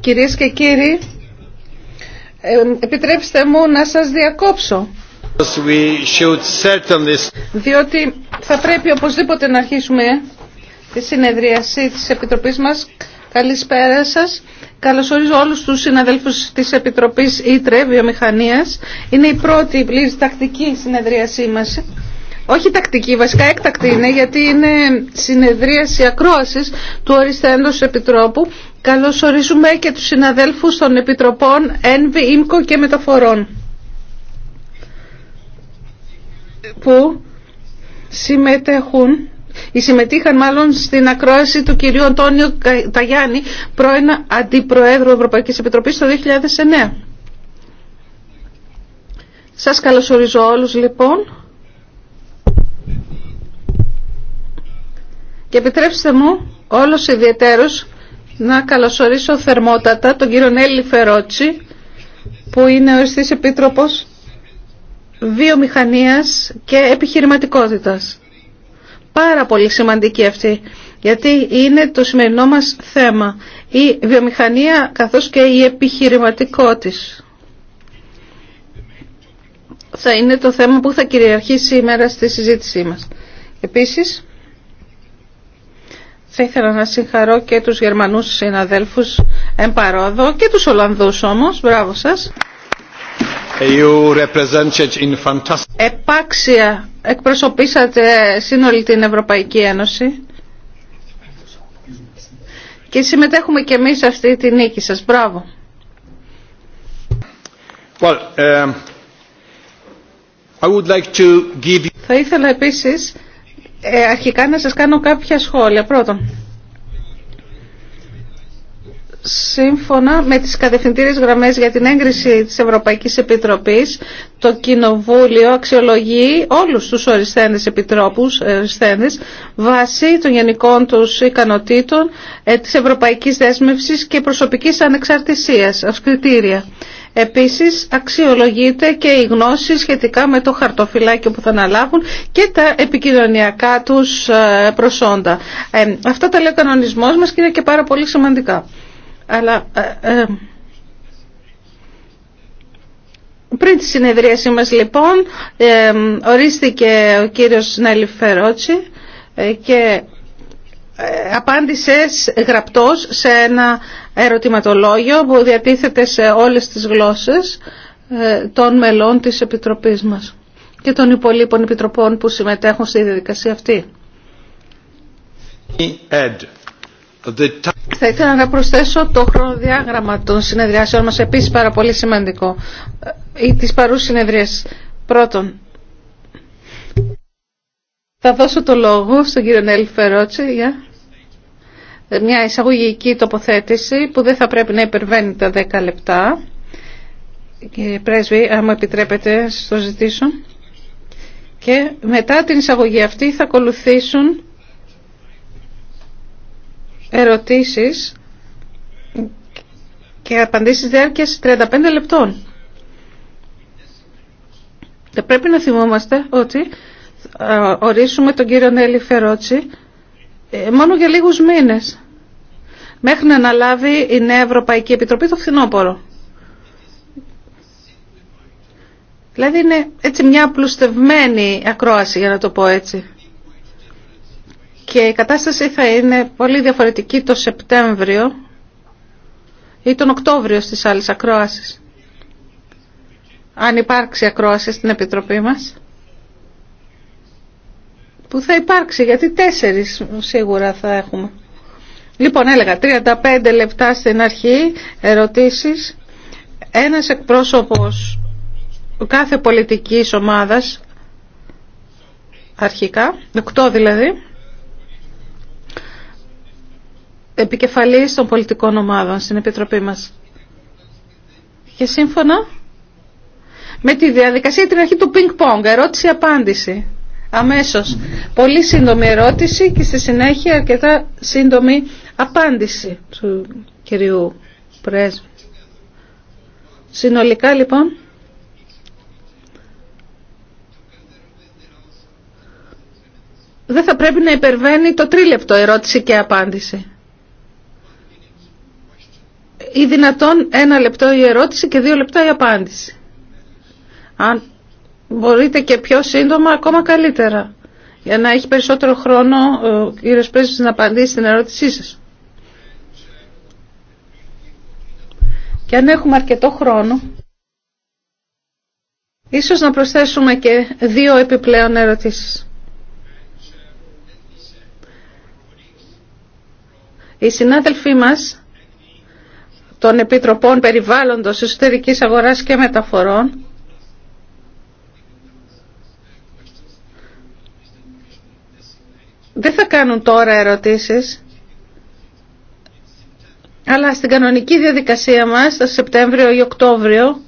Κυρίες και κύριοι, επιτρέψτε μου να σας διακόψω. Διότι θα πρέπει οπωσδήποτε να αρχίσουμε τη συνεδρίαση της Επιτροπής μας. Καλησπέρα σας. Καλωσορίζω όλους τους συναδέλφους της Επιτροπής ΙΤΡΕ Βιομηχανίας. Είναι η πρώτη πλήρης τακτική συνεδρίασή μας όχι τακτική, βασικά έκτακτη είναι γιατί είναι συνεδρίαση ακρόασης του Οριστέντος Επιτρόπου. Καλωσορίζουμε ορίζουμε και του συναδέλφου των Επιτροπών ΕΝΒΙ, και Μεταφορών που συμμετέχουν ή συμμετείχαν μάλλον στην ακρόαση του κυρίου Αντώνιο Ταγιάννη, πρώην Αντιπροέδρου Ευρωπαϊκής Επιτροπής το 2009. Σας καλωσορίζω όλους λοιπόν. Και επιτρέψτε μου όλος ιδιαίτερος να καλωσορίσω θερμότατα τον κύριο Νέλη Φερότσι που είναι οριστής επίτροπος βιομηχανίας και επιχειρηματικότητας. Πάρα πολύ σημαντική αυτή γιατί είναι το σημερινό μας θέμα η βιομηχανία καθώς και η επιχειρηματικότης. Θα είναι το θέμα που θα κυριαρχήσει σήμερα στη συζήτησή μας. Επίσης, θα ήθελα να συγχαρώ και τους Γερμανούς συναδέλφους εμπαρόδο και τους Ολλανδούς όμως. Μπράβο σας. Επάξια εκπροσωπήσατε σύνολη την Ευρωπαϊκή Ένωση και συμμετέχουμε και εμείς σε αυτή τη νίκη σας. Μπράβο. Um, like to give... Θα ήθελα επίσης ε, αρχικά να σας κάνω κάποια σχόλια. Πρώτον, σύμφωνα με τις κατευθυντήριες γραμμές για την έγκριση της Ευρωπαϊκής Επιτροπής, το Κοινοβούλιο αξιολογεί όλους τους οριστένες επιτρόπους, βάσει των γενικών τους ικανοτήτων ε, της Ευρωπαϊκής Δέσμευσης και προσωπικής ανεξαρτησίας ως κριτήρια. Επίσης αξιολογείται και η γνώση σχετικά με το χαρτοφυλάκιο που θα αναλάβουν και τα επικοινωνιακά τους ε, προσόντα. Ε, αυτά τα λέει ο κανονισμός μας και είναι και πάρα πολύ σημαντικά. Αλλά... Ε, ε πριν τη συνεδρίασή μας λοιπόν ε, ορίστηκε ο κύριος Νέλη Φερότσι και απάντησε γραπτός σε ένα ερωτηματολόγιο που διατίθεται σε όλες τις γλώσσες ε, των μελών της Επιτροπής μας και των υπολείπων επιτροπών που συμμετέχουν στη διαδικασία αυτή. Θα ήθελα να προσθέσω το χρονοδιάγραμμα των συνεδριάσεων μας επίσης πάρα πολύ σημαντικό ε, ή τις παρούς συνεδρίες. Πρώτον, θα δώσω το λόγο στον κύριο Νέλη Φερότσι για μια εισαγωγική τοποθέτηση που δεν θα πρέπει να υπερβαίνει τα 10 λεπτά. Κύριε Πρέσβη, αν μου επιτρέπετε, στο ζητήσω. Και μετά την εισαγωγή αυτή θα ακολουθήσουν ερωτήσεις και απαντήσεις διάρκειας 35 λεπτών. Και πρέπει να θυμόμαστε ότι ορίσουμε τον κύριο Νέλη Φερότσι ε, μόνο για λίγους μήνες μέχρι να αναλάβει η Νέα Ευρωπαϊκή Επιτροπή το φθινόπωρο. Δηλαδή είναι έτσι μια απλουστευμένη ακρόαση για να το πω έτσι. Και η κατάσταση θα είναι πολύ διαφορετική το Σεπτέμβριο ή τον Οκτώβριο στις άλλες ακρόασεις. Αν υπάρξει ακρόαση στην Επιτροπή μας που θα υπάρξει, γιατί τέσσερις σίγουρα θα έχουμε. Λοιπόν, έλεγα 35 λεπτά στην αρχή, ερωτήσεις. Ένας εκπρόσωπος κάθε πολιτικής ομάδας, αρχικά, οκτώ δηλαδή, επικεφαλής των πολιτικών ομάδων στην Επιτροπή μας. Και σύμφωνα με τη διαδικασία την αρχή του πινκ-πονγκ, ερώτηση-απάντηση αμέσως. Πολύ σύντομη ερώτηση και στη συνέχεια αρκετά σύντομη απάντηση του κυρίου Πρέσβη. Συνολικά λοιπόν, δεν θα πρέπει να υπερβαίνει το τρίλεπτο ερώτηση και απάντηση. Ή δυνατόν ένα λεπτό η ερώτηση και δύο λεπτά η απάντηση. Αν μπορείτε και πιο σύντομα ακόμα καλύτερα για να έχει περισσότερο χρόνο ο κύριος να απαντήσει στην ερώτησή σας. Και αν έχουμε αρκετό χρόνο, ίσως να προσθέσουμε και δύο επιπλέον ερωτήσεις. Οι συνάδελφοί μας των Επιτροπών Περιβάλλοντος Εσωτερικής Αγοράς και Μεταφορών Δεν θα κάνουν τώρα ερωτήσεις, αλλά στην κανονική διαδικασία μας, το Σεπτέμβριο ή Οκτώβριο,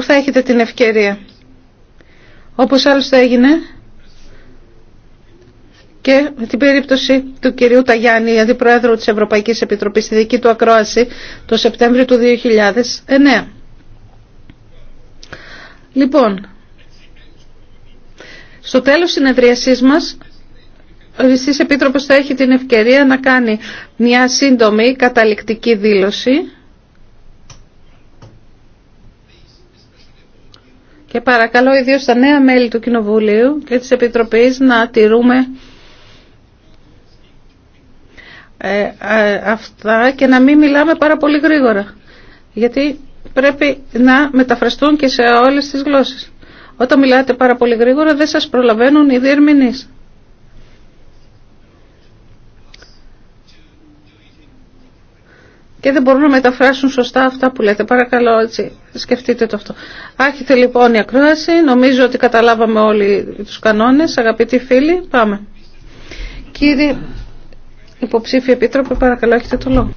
θα έχετε την ευκαιρία. Όπως άλλωστε έγινε και με την περίπτωση του κυρίου Ταγιάννη, αντιπρόεδρου της Ευρωπαϊκής Επιτροπής, στη δική του ακρόαση, το Σεπτέμβριο του 2009. Λοιπόν, στο τέλος συνεδρίασής μας, ο Υιβιστής Επίτροπος θα έχει την ευκαιρία να κάνει μια σύντομη καταληκτική δήλωση. Και παρακαλώ ιδίως τα νέα μέλη του Κοινοβουλίου και της Επιτροπής να τηρούμε ε, ε, αυτά και να μην μιλάμε πάρα πολύ γρήγορα. Γιατί πρέπει να μεταφραστούν και σε όλες τις γλώσσες. Όταν μιλάτε πάρα πολύ γρήγορα δεν σας προλαβαίνουν οι διερμηνείς. Και δεν μπορούν να μεταφράσουν σωστά αυτά που λέτε. Παρακαλώ έτσι, σκεφτείτε το αυτό. Άρχεται λοιπόν η ακρόαση. Νομίζω ότι καταλάβαμε όλοι τους κανόνες. Αγαπητοί φίλοι, πάμε. Κύριε υποψήφιο επίτροπε, παρακαλώ έχετε το λόγο.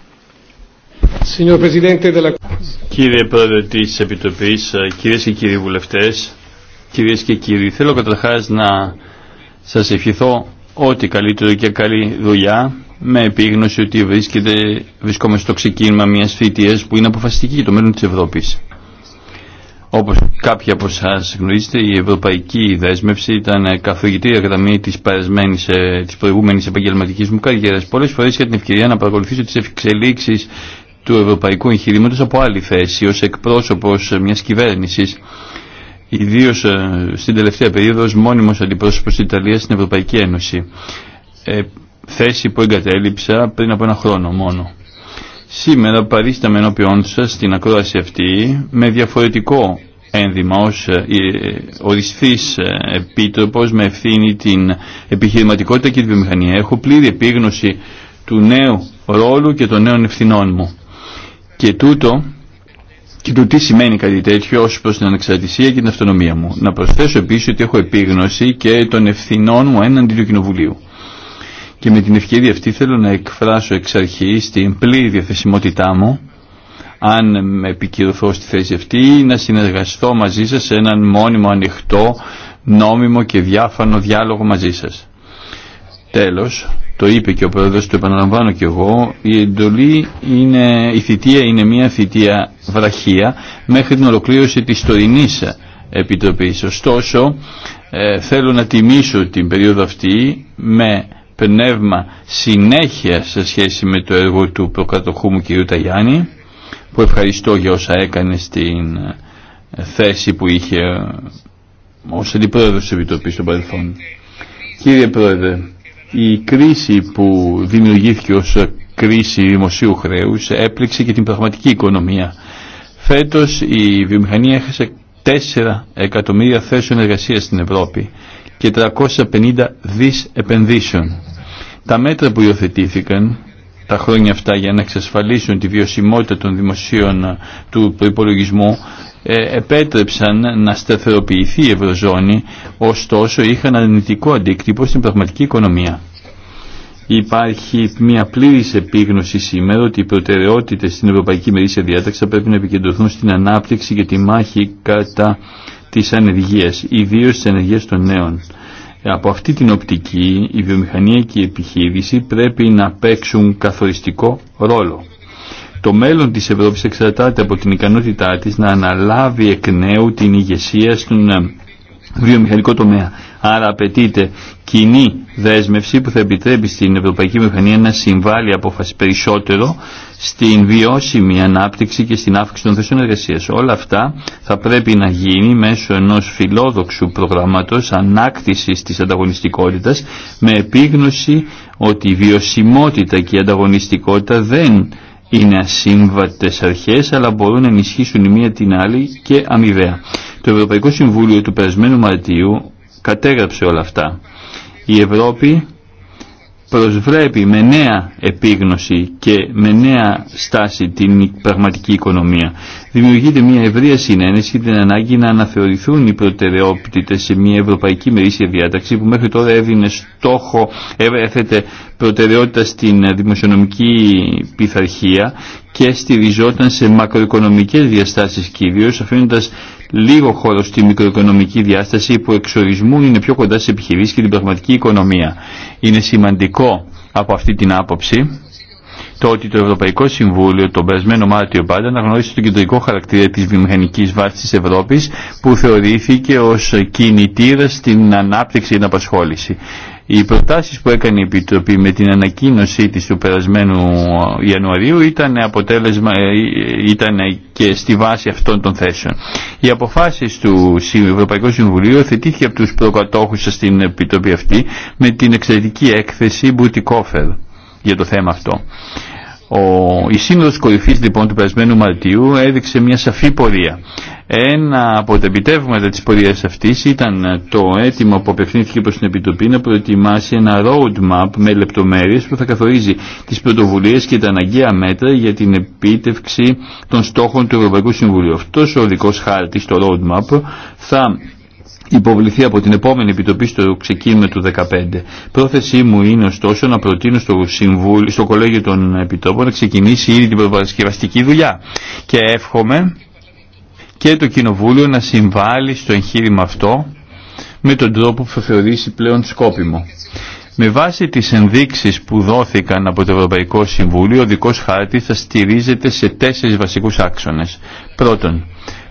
Κύριε Πρόεδρε της Επιτροπής, ε, κυρίες και κύριοι βουλευτές, Κυρίες και κύριοι, θέλω καταρχάς να σας ευχηθώ ό,τι καλύτερο και καλή δουλειά με επίγνωση ότι βρίσκεται, βρισκόμαστε στο ξεκίνημα μιας θητείας που είναι αποφασιστική για το μέλλον της Ευρώπης. Όπως κάποιοι από εσά γνωρίζετε, η ευρωπαϊκή δέσμευση ήταν καθοδηγητήρια κατά μία της, ε, της προηγούμενης επαγγελματικής μου καριέρα. Πολλές φορές είχα την ευκαιρία να παρακολουθήσω τις εξελίξεις του ευρωπαϊκού εγχειρήματος από άλλη θέση, ως εκπρόσωπος μιας κυβέρνησης ιδίως ε, στην τελευταία περίοδο ως μόνιμος αντιπρόσωπος της Ιταλίας στην Ευρωπαϊκή Ένωση. Ε, θέση που εγκατέλειψα πριν από ένα χρόνο μόνο. Σήμερα παρίσταμε ενώπιόν σας στην ακρόαση αυτή με διαφορετικό ένδυμα ως ε, οριστής επίτροπος με ευθύνη την επιχειρηματικότητα και τη βιομηχανία. Έχω πλήρη επίγνωση του νέου ρόλου και των νέων ευθυνών μου. Και τούτο και του τι σημαίνει κάτι τέτοιο ως προς την ανεξαρτησία και την αυτονομία μου. Να προσθέσω επίσης ότι έχω επίγνωση και των ευθυνών μου έναντι του Κοινοβουλίου. Και με την ευκαιρία αυτή θέλω να εκφράσω εξ αρχής την πλήρη διαθεσιμότητά μου αν με επικυρωθώ στη θέση αυτή, να συνεργαστώ μαζί σας σε έναν μόνιμο ανοιχτό, νόμιμο και διάφανο διάλογο μαζί σας. Τέλος, το είπε και ο πρόεδρος, το επαναλαμβάνω και εγώ, η εντολή είναι, η θητεία είναι μια θητεία βραχία μέχρι την ολοκλήρωση της τωρινής επιτροπής. Ωστόσο, ε, θέλω να τιμήσω την περίοδο αυτή με πνεύμα συνέχεια σε σχέση με το έργο του προκατοχού μου κ. Ταγιάννη, που ευχαριστώ για όσα έκανε στην ε, θέση που είχε ως αντιπρόεδρος της Επιτροπής των Παρελθόν. Κύριε Πρόεδρε, η κρίση που δημιουργήθηκε ως κρίση δημοσίου χρέους έπληξε και την πραγματική οικονομία. Φέτος η βιομηχανία έχασε 4 εκατομμύρια θέσεων εργασίας στην Ευρώπη και 350 δις επενδύσεων. Τα μέτρα που υιοθετήθηκαν τα χρόνια αυτά για να εξασφαλίσουν τη βιωσιμότητα των δημοσίων του προϋπολογισμού ε, επέτρεψαν να σταθεροποιηθεί η Ευρωζώνη, ωστόσο είχαν αρνητικό αντίκτυπο στην πραγματική οικονομία. Υπάρχει μια πλήρης επίγνωση σήμερα ότι οι προτεραιότητε στην Ευρωπαϊκή Μερίσια Διάταξη θα πρέπει να επικεντρωθούν στην ανάπτυξη και τη μάχη κατά της ανεργία, ιδίω τη ανεργία των νέων. Από αυτή την οπτική η βιομηχανία και η επιχείρηση πρέπει να παίξουν καθοριστικό ρόλο. Το μέλλον της Ευρώπης εξαρτάται από την ικανότητά της να αναλάβει εκ νέου την ηγεσία στον ε, βιομηχανικό τομέα. Άρα απαιτείται κοινή δέσμευση που θα επιτρέπει στην Ευρωπαϊκή Μηχανία να συμβάλλει απόφαση περισσότερο στην βιώσιμη ανάπτυξη και στην αύξηση των θέσεων εργασία. Όλα αυτά θα πρέπει να γίνει μέσω ενό φιλόδοξου προγράμματο ανάκτηση τη ανταγωνιστικότητα με επίγνωση ότι η βιωσιμότητα και η ανταγωνιστικότητα δεν είναι ασύμβατες αρχές αλλά μπορούν να ενισχύσουν η μία την άλλη και αμοιβαία. Το Ευρωπαϊκό Συμβούλιο του περασμένου Μαρτίου κατέγραψε όλα αυτά. Η Ευρώπη προσβλέπει με νέα επίγνωση και με νέα στάση την πραγματική οικονομία. Δημιουργείται μια ευρεία συνένεση και την ανάγκη να αναθεωρηθούν οι προτεραιότητες σε μια ευρωπαϊκή μερίσια διάταξη που μέχρι τώρα έδινε στόχο, έθετε προτεραιότητα στην δημοσιονομική πειθαρχία και στηριζόταν σε μακροοικονομικές διαστάσεις κυρίως, αφήνοντας λίγο χώρο στη μικροοικονομική διάσταση που εξορισμού είναι πιο κοντά στις επιχειρήσεις και την πραγματική οικονομία. Είναι σημαντικό από αυτή την άποψη το ότι το Ευρωπαϊκό Συμβούλιο τον περασμένο Μάρτιο πάντα αναγνώρισε τον κεντρικό χαρακτήρα της βιομηχανικής βάσης της Ευρώπης που θεωρήθηκε ως κινητήρα στην ανάπτυξη και την απασχόληση. Οι προτάσεις που έκανε η Επιτροπή με την ανακοίνωσή της του περασμένου Ιανουαρίου ήταν, αποτέλεσμα, ε, ήταν και στη βάση αυτών των θέσεων. Οι αποφάσεις του Ευρωπαϊκού Συμβουλίου θετήθηκε από τους προκατόχους στην Επιτροπή αυτή με την εξαιρετική έκθεση Μπουτικόφερ για το θέμα αυτό. Ο, η σύνοδος κορυφής λοιπόν του περασμένου Μαρτίου έδειξε μια σαφή πορεία. Ένα από τα επιτεύγματα της πορείας αυτής ήταν το αίτημα που απευθύνθηκε προς την Επιτροπή να προετοιμάσει ένα roadmap με λεπτομέρειες που θα καθορίζει τις πρωτοβουλίες και τα αναγκαία μέτρα για την επίτευξη των στόχων του Ευρωπαϊκού Συμβουλίου. Αυτός ο οδικός χάρτης, το roadmap, θα υποβληθεί από την επόμενη επιτροπή στο ξεκίνημα του 2015. Πρόθεσή μου είναι ωστόσο να προτείνω στο, στο Κολέγιο των Επιτρόπων να ξεκινήσει ήδη την προπαρασκευαστική δουλειά. Και εύχομαι και το Κοινοβούλιο να συμβάλλει στο εγχείρημα αυτό με τον τρόπο που θα θεωρήσει πλέον σκόπιμο. Με βάση τις ενδείξεις που δόθηκαν από το Ευρωπαϊκό Συμβούλιο, ο δικός χάρτης θα στηρίζεται σε τέσσερις βασικούς άξονες. Πρώτον,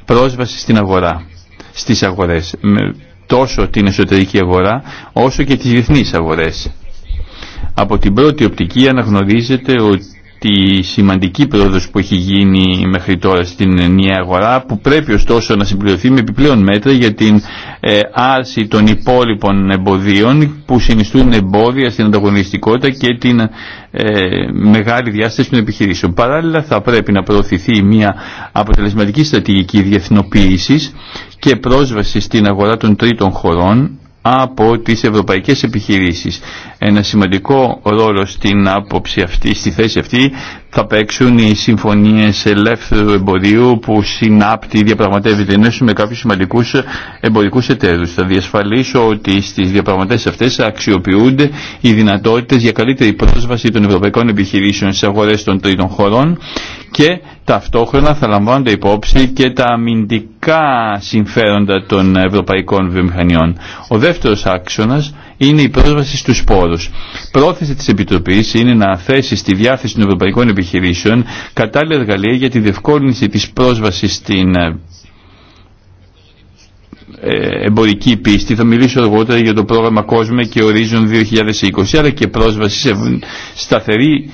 πρόσβαση στην αγορά στις αγορές, τόσο την εσωτερική αγορά όσο και τις διεθνείς αγορές. Από την πρώτη οπτική αναγνωρίζεται ότι τη σημαντική πρόοδος που έχει γίνει μέχρι τώρα στην νέα αγορά που πρέπει ωστόσο να συμπληρωθεί με επιπλέον μέτρα για την ε, άρση των υπόλοιπων εμποδίων που συνιστούν εμπόδια στην ανταγωνιστικότητα και την ε, μεγάλη διάσταση των επιχειρήσεων. Παράλληλα θα πρέπει να προωθηθεί μια αποτελεσματική στρατηγική διεθνοποίησης και πρόσβαση στην αγορά των τρίτων χωρών από τις ευρωπαϊκές επιχειρήσεις. Ένα σημαντικό ρόλο στην άποψη αυτή, στη θέση αυτή θα παίξουν οι συμφωνίες ελεύθερου εμπορίου που συνάπτει, ή διαπραγματεύεται ενέσου με κάποιους σημαντικούς εμπορικούς εταίρους. Θα διασφαλίσω ότι στις διαπραγματεύσεις αυτές αξιοποιούνται οι δυνατότητες για καλύτερη πρόσβαση των ευρωπαϊκών επιχειρήσεων στι αγορές των τρίτων χωρών και ταυτόχρονα θα λαμβάνονται υπόψη και τα αμυντικά συμφέροντα των ευρωπαϊκών βιομηχανιών. Ο δεύτερος άξονας είναι η πρόσβαση στους πόρους. Πρόθεση της Επιτροπής είναι να θέσει στη διάθεση των ευρωπαϊκών επιχειρήσεων επιχειρήσεων κατάλληλα εργαλεία για τη διευκόλυνση της πρόσβασης στην ε, ε, εμπορική πίστη. Θα μιλήσω αργότερα για το πρόγραμμα COSME και Horizon 2020, αλλά και πρόσβαση σε σταθερή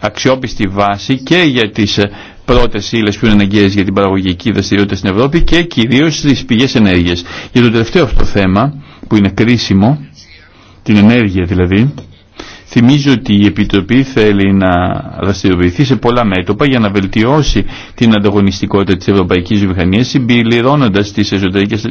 αξιόπιστη βάση και για τις ε, πρώτε ύλε που είναι αναγκαίε για την παραγωγική δραστηριότητα στην Ευρώπη και κυρίω στι πηγέ ενέργεια. Για το τελευταίο αυτό θέμα, που είναι κρίσιμο, την ενέργεια δηλαδή, Θυμίζω ότι η Επιτροπή θέλει να δραστηριοποιηθεί σε πολλά μέτωπα για να βελτιώσει την ανταγωνιστικότητα της ευρωπαϊκής βιομηχανίας συμπληρώνοντας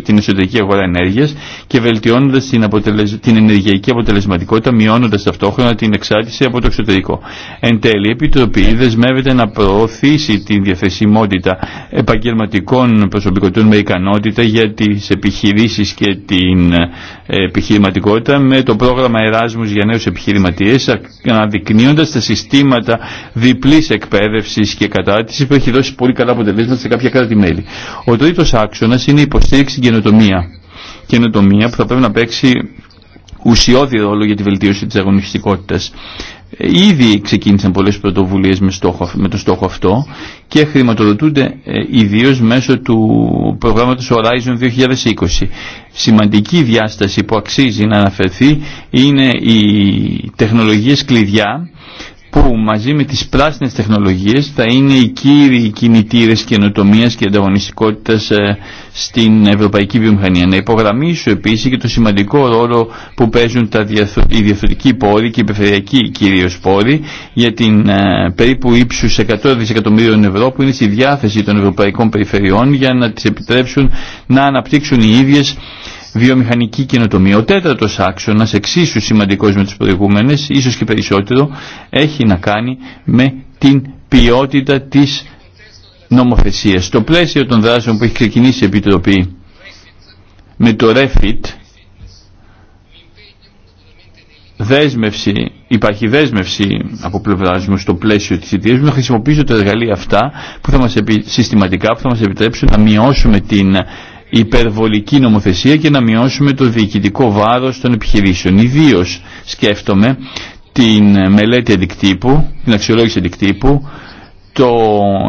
την εσωτερική αγορά ενέργειας και βελτιώνοντας την, αποτελεσ... την ενεργειακή αποτελεσματικότητα μειώνοντας ταυτόχρονα την εξάρτηση από το εξωτερικό. Εν τέλει, η Επιτροπή δεσμεύεται να προωθήσει την διαθεσιμότητα επαγγελματικών προσωπικότητων με ικανότητα για τις επιχειρήσεις και την ε, επιχειρηματικότητα με το πρόγραμμα Εράσμους για νέους επιχειρηματίες πληροφορίες αναδεικνύοντας τα συστήματα διπλής εκπαίδευσης και κατάρτισης που έχει δώσει πολύ καλά αποτελέσματα σε κάποια κράτη-μέλη. Ο τρίτος άξονας είναι η υποστήριξη καινοτομία. Καινοτομία που θα πρέπει να παίξει ουσιώδη ρόλο για τη βελτίωση της αγωνιστικότητας. Ήδη ξεκίνησαν πολλές πρωτοβουλίες με, στόχο, με τον στόχο αυτό και χρηματοδοτούνται ε, ιδίως μέσω του προγράμματος Horizon 2020. Σημαντική διάσταση που αξίζει να αναφερθεί είναι οι τεχνολογίες κλειδιά που μαζί με τις πράσινες τεχνολογίες θα είναι οι κύριοι κινητήρες καινοτομίας και ανταγωνιστικότητας ε, στην ευρωπαϊκή βιομηχανία. Να υπογραμμίσω επίσης και το σημαντικό ρόλο που παίζουν τα οι διαφορετικοί πόροι και οι περιφερειακοί κυρίως πόροι για την ε, περίπου ύψου 100 δισεκατομμυρίων ευρώ που είναι στη διάθεση των ευρωπαϊκών περιφερειών για να τις επιτρέψουν να αναπτύξουν οι ίδιες βιομηχανική καινοτομία. Ο τέταρτο άξονα, εξίσου σημαντικό με τι προηγούμενες, ίσως και περισσότερο, έχει να κάνει με την ποιότητα της νομοθεσία. Στο πλαίσιο των δράσεων που έχει ξεκινήσει η Επιτροπή με το REFIT, δέσμευση, υπάρχει δέσμευση από πλευρά μου στο πλαίσιο της ιδίας μου να χρησιμοποιήσω τα εργαλεία αυτά που θα μας που θα μας επιτρέψουν να μειώσουμε την υπερβολική νομοθεσία και να μειώσουμε το διοικητικό βάρος των επιχειρήσεων. Ιδίω σκέφτομαι την μελέτη αντικτύπου, την αξιολόγηση αντικτύπου, το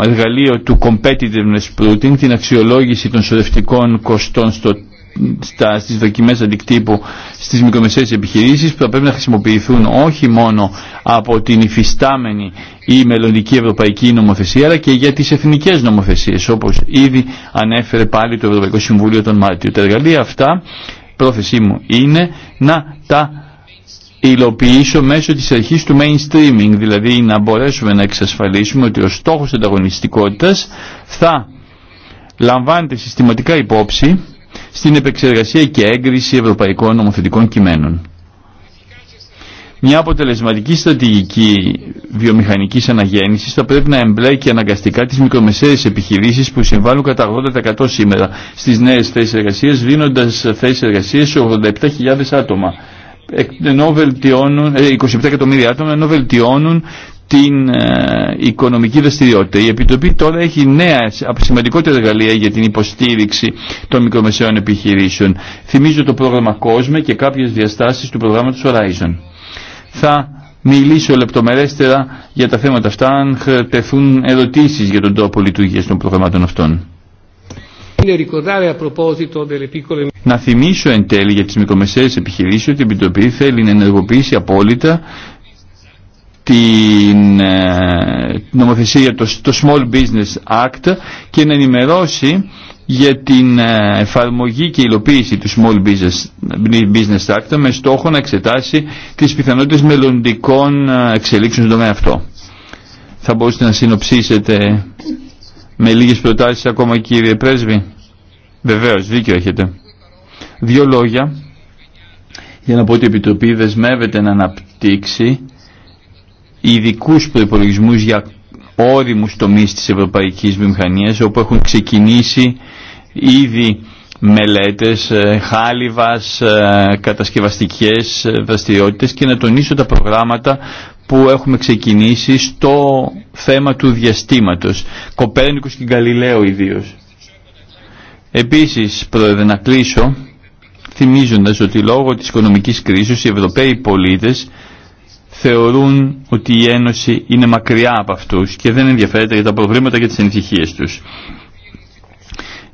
εργαλείο του Competitiveness Prouting, την αξιολόγηση των σωρευτικών κοστών στο στα, στις δοκιμές αντικτύπου στις μικρομεσαίες επιχειρήσεις που θα πρέπει να χρησιμοποιηθούν όχι μόνο από την υφιστάμενη ή μελλοντική ευρωπαϊκή νομοθεσία αλλά και για τις εθνικές νομοθεσίες όπως ήδη ανέφερε πάλι το Ευρωπαϊκό Συμβούλιο τον Μάρτιο. Τα εργαλεία αυτά πρόθεσή μου είναι να τα υλοποιήσω μέσω της αρχής του mainstreaming, δηλαδή να μπορέσουμε να εξασφαλίσουμε ότι ο στόχος ανταγωνιστικότητας θα λαμβάνεται συστηματικά υπόψη στην επεξεργασία και έγκριση ευρωπαϊκών νομοθετικών κειμένων. Μια αποτελεσματική στρατηγική βιομηχανική αναγέννηση θα πρέπει να εμπλέκει αναγκαστικά τις μικρομεσαίες επιχειρήσεις που συμβάλλουν κατά 80% σήμερα στις νέες θέσει εργασίας, δίνοντα θέσει εργασίας σε 87.000 άτομα 27 ε, εκατομμύρια άτομα ενώ βελτιώνουν την ε, οικονομική δραστηριότητα. Η Επιτροπή τώρα έχει νέα σημαντικότερα εργαλεία για την υποστήριξη των μικρομεσαίων επιχειρήσεων. Θυμίζω το πρόγραμμα COSME και κάποιες διαστάσεις του προγράμματος Horizon. Θα μιλήσω λεπτομερέστερα για τα θέματα αυτά αν τεθούν ερωτήσεις για τον τρόπο λειτουργίας των προγραμμάτων αυτών. Να θυμίσω εν τέλει για τις μικρομεσαίες επιχειρήσεις ότι η Επιτροπή θέλει να ενεργοποιήσει απόλυτα ε, την νομοθεσία, το Small Business Act και να ενημερώσει για την ε, εφαρμογή και υλοποίηση του Small Business Act με στόχο να εξετάσει τις πιθανότητες μελλοντικών ε, εξελίξεων στον τομέα αυτό. Θα μπορούσατε να συνοψίσετε με λίγες προτάσεις ακόμα κύριε Πρέσβη. Βεβαίως, δίκιο έχετε. Δύο λόγια για να πω ότι η Επιτροπή δεσμεύεται να αναπτύξει ειδικού προπολογισμού για όριμους τομείς της ευρωπαϊκής βιομηχανίας όπου έχουν ξεκινήσει ήδη μελέτες, ε, χάλιβας, ε, κατασκευαστικές ε, δραστηριότητες και να τονίσω τα προγράμματα που έχουμε ξεκινήσει στο θέμα του διαστήματος. Κοπέρνικος και Γκαλιλαίο ιδίω. Επίσης, πρόεδρε, να κλείσω θυμίζοντας ότι λόγω της οικονομικής κρίσης οι Ευρωπαίοι πολίτες θεωρούν ότι η Ένωση είναι μακριά από αυτούς και δεν ενδιαφέρεται για τα προβλήματα και τις ενθυχίες τους.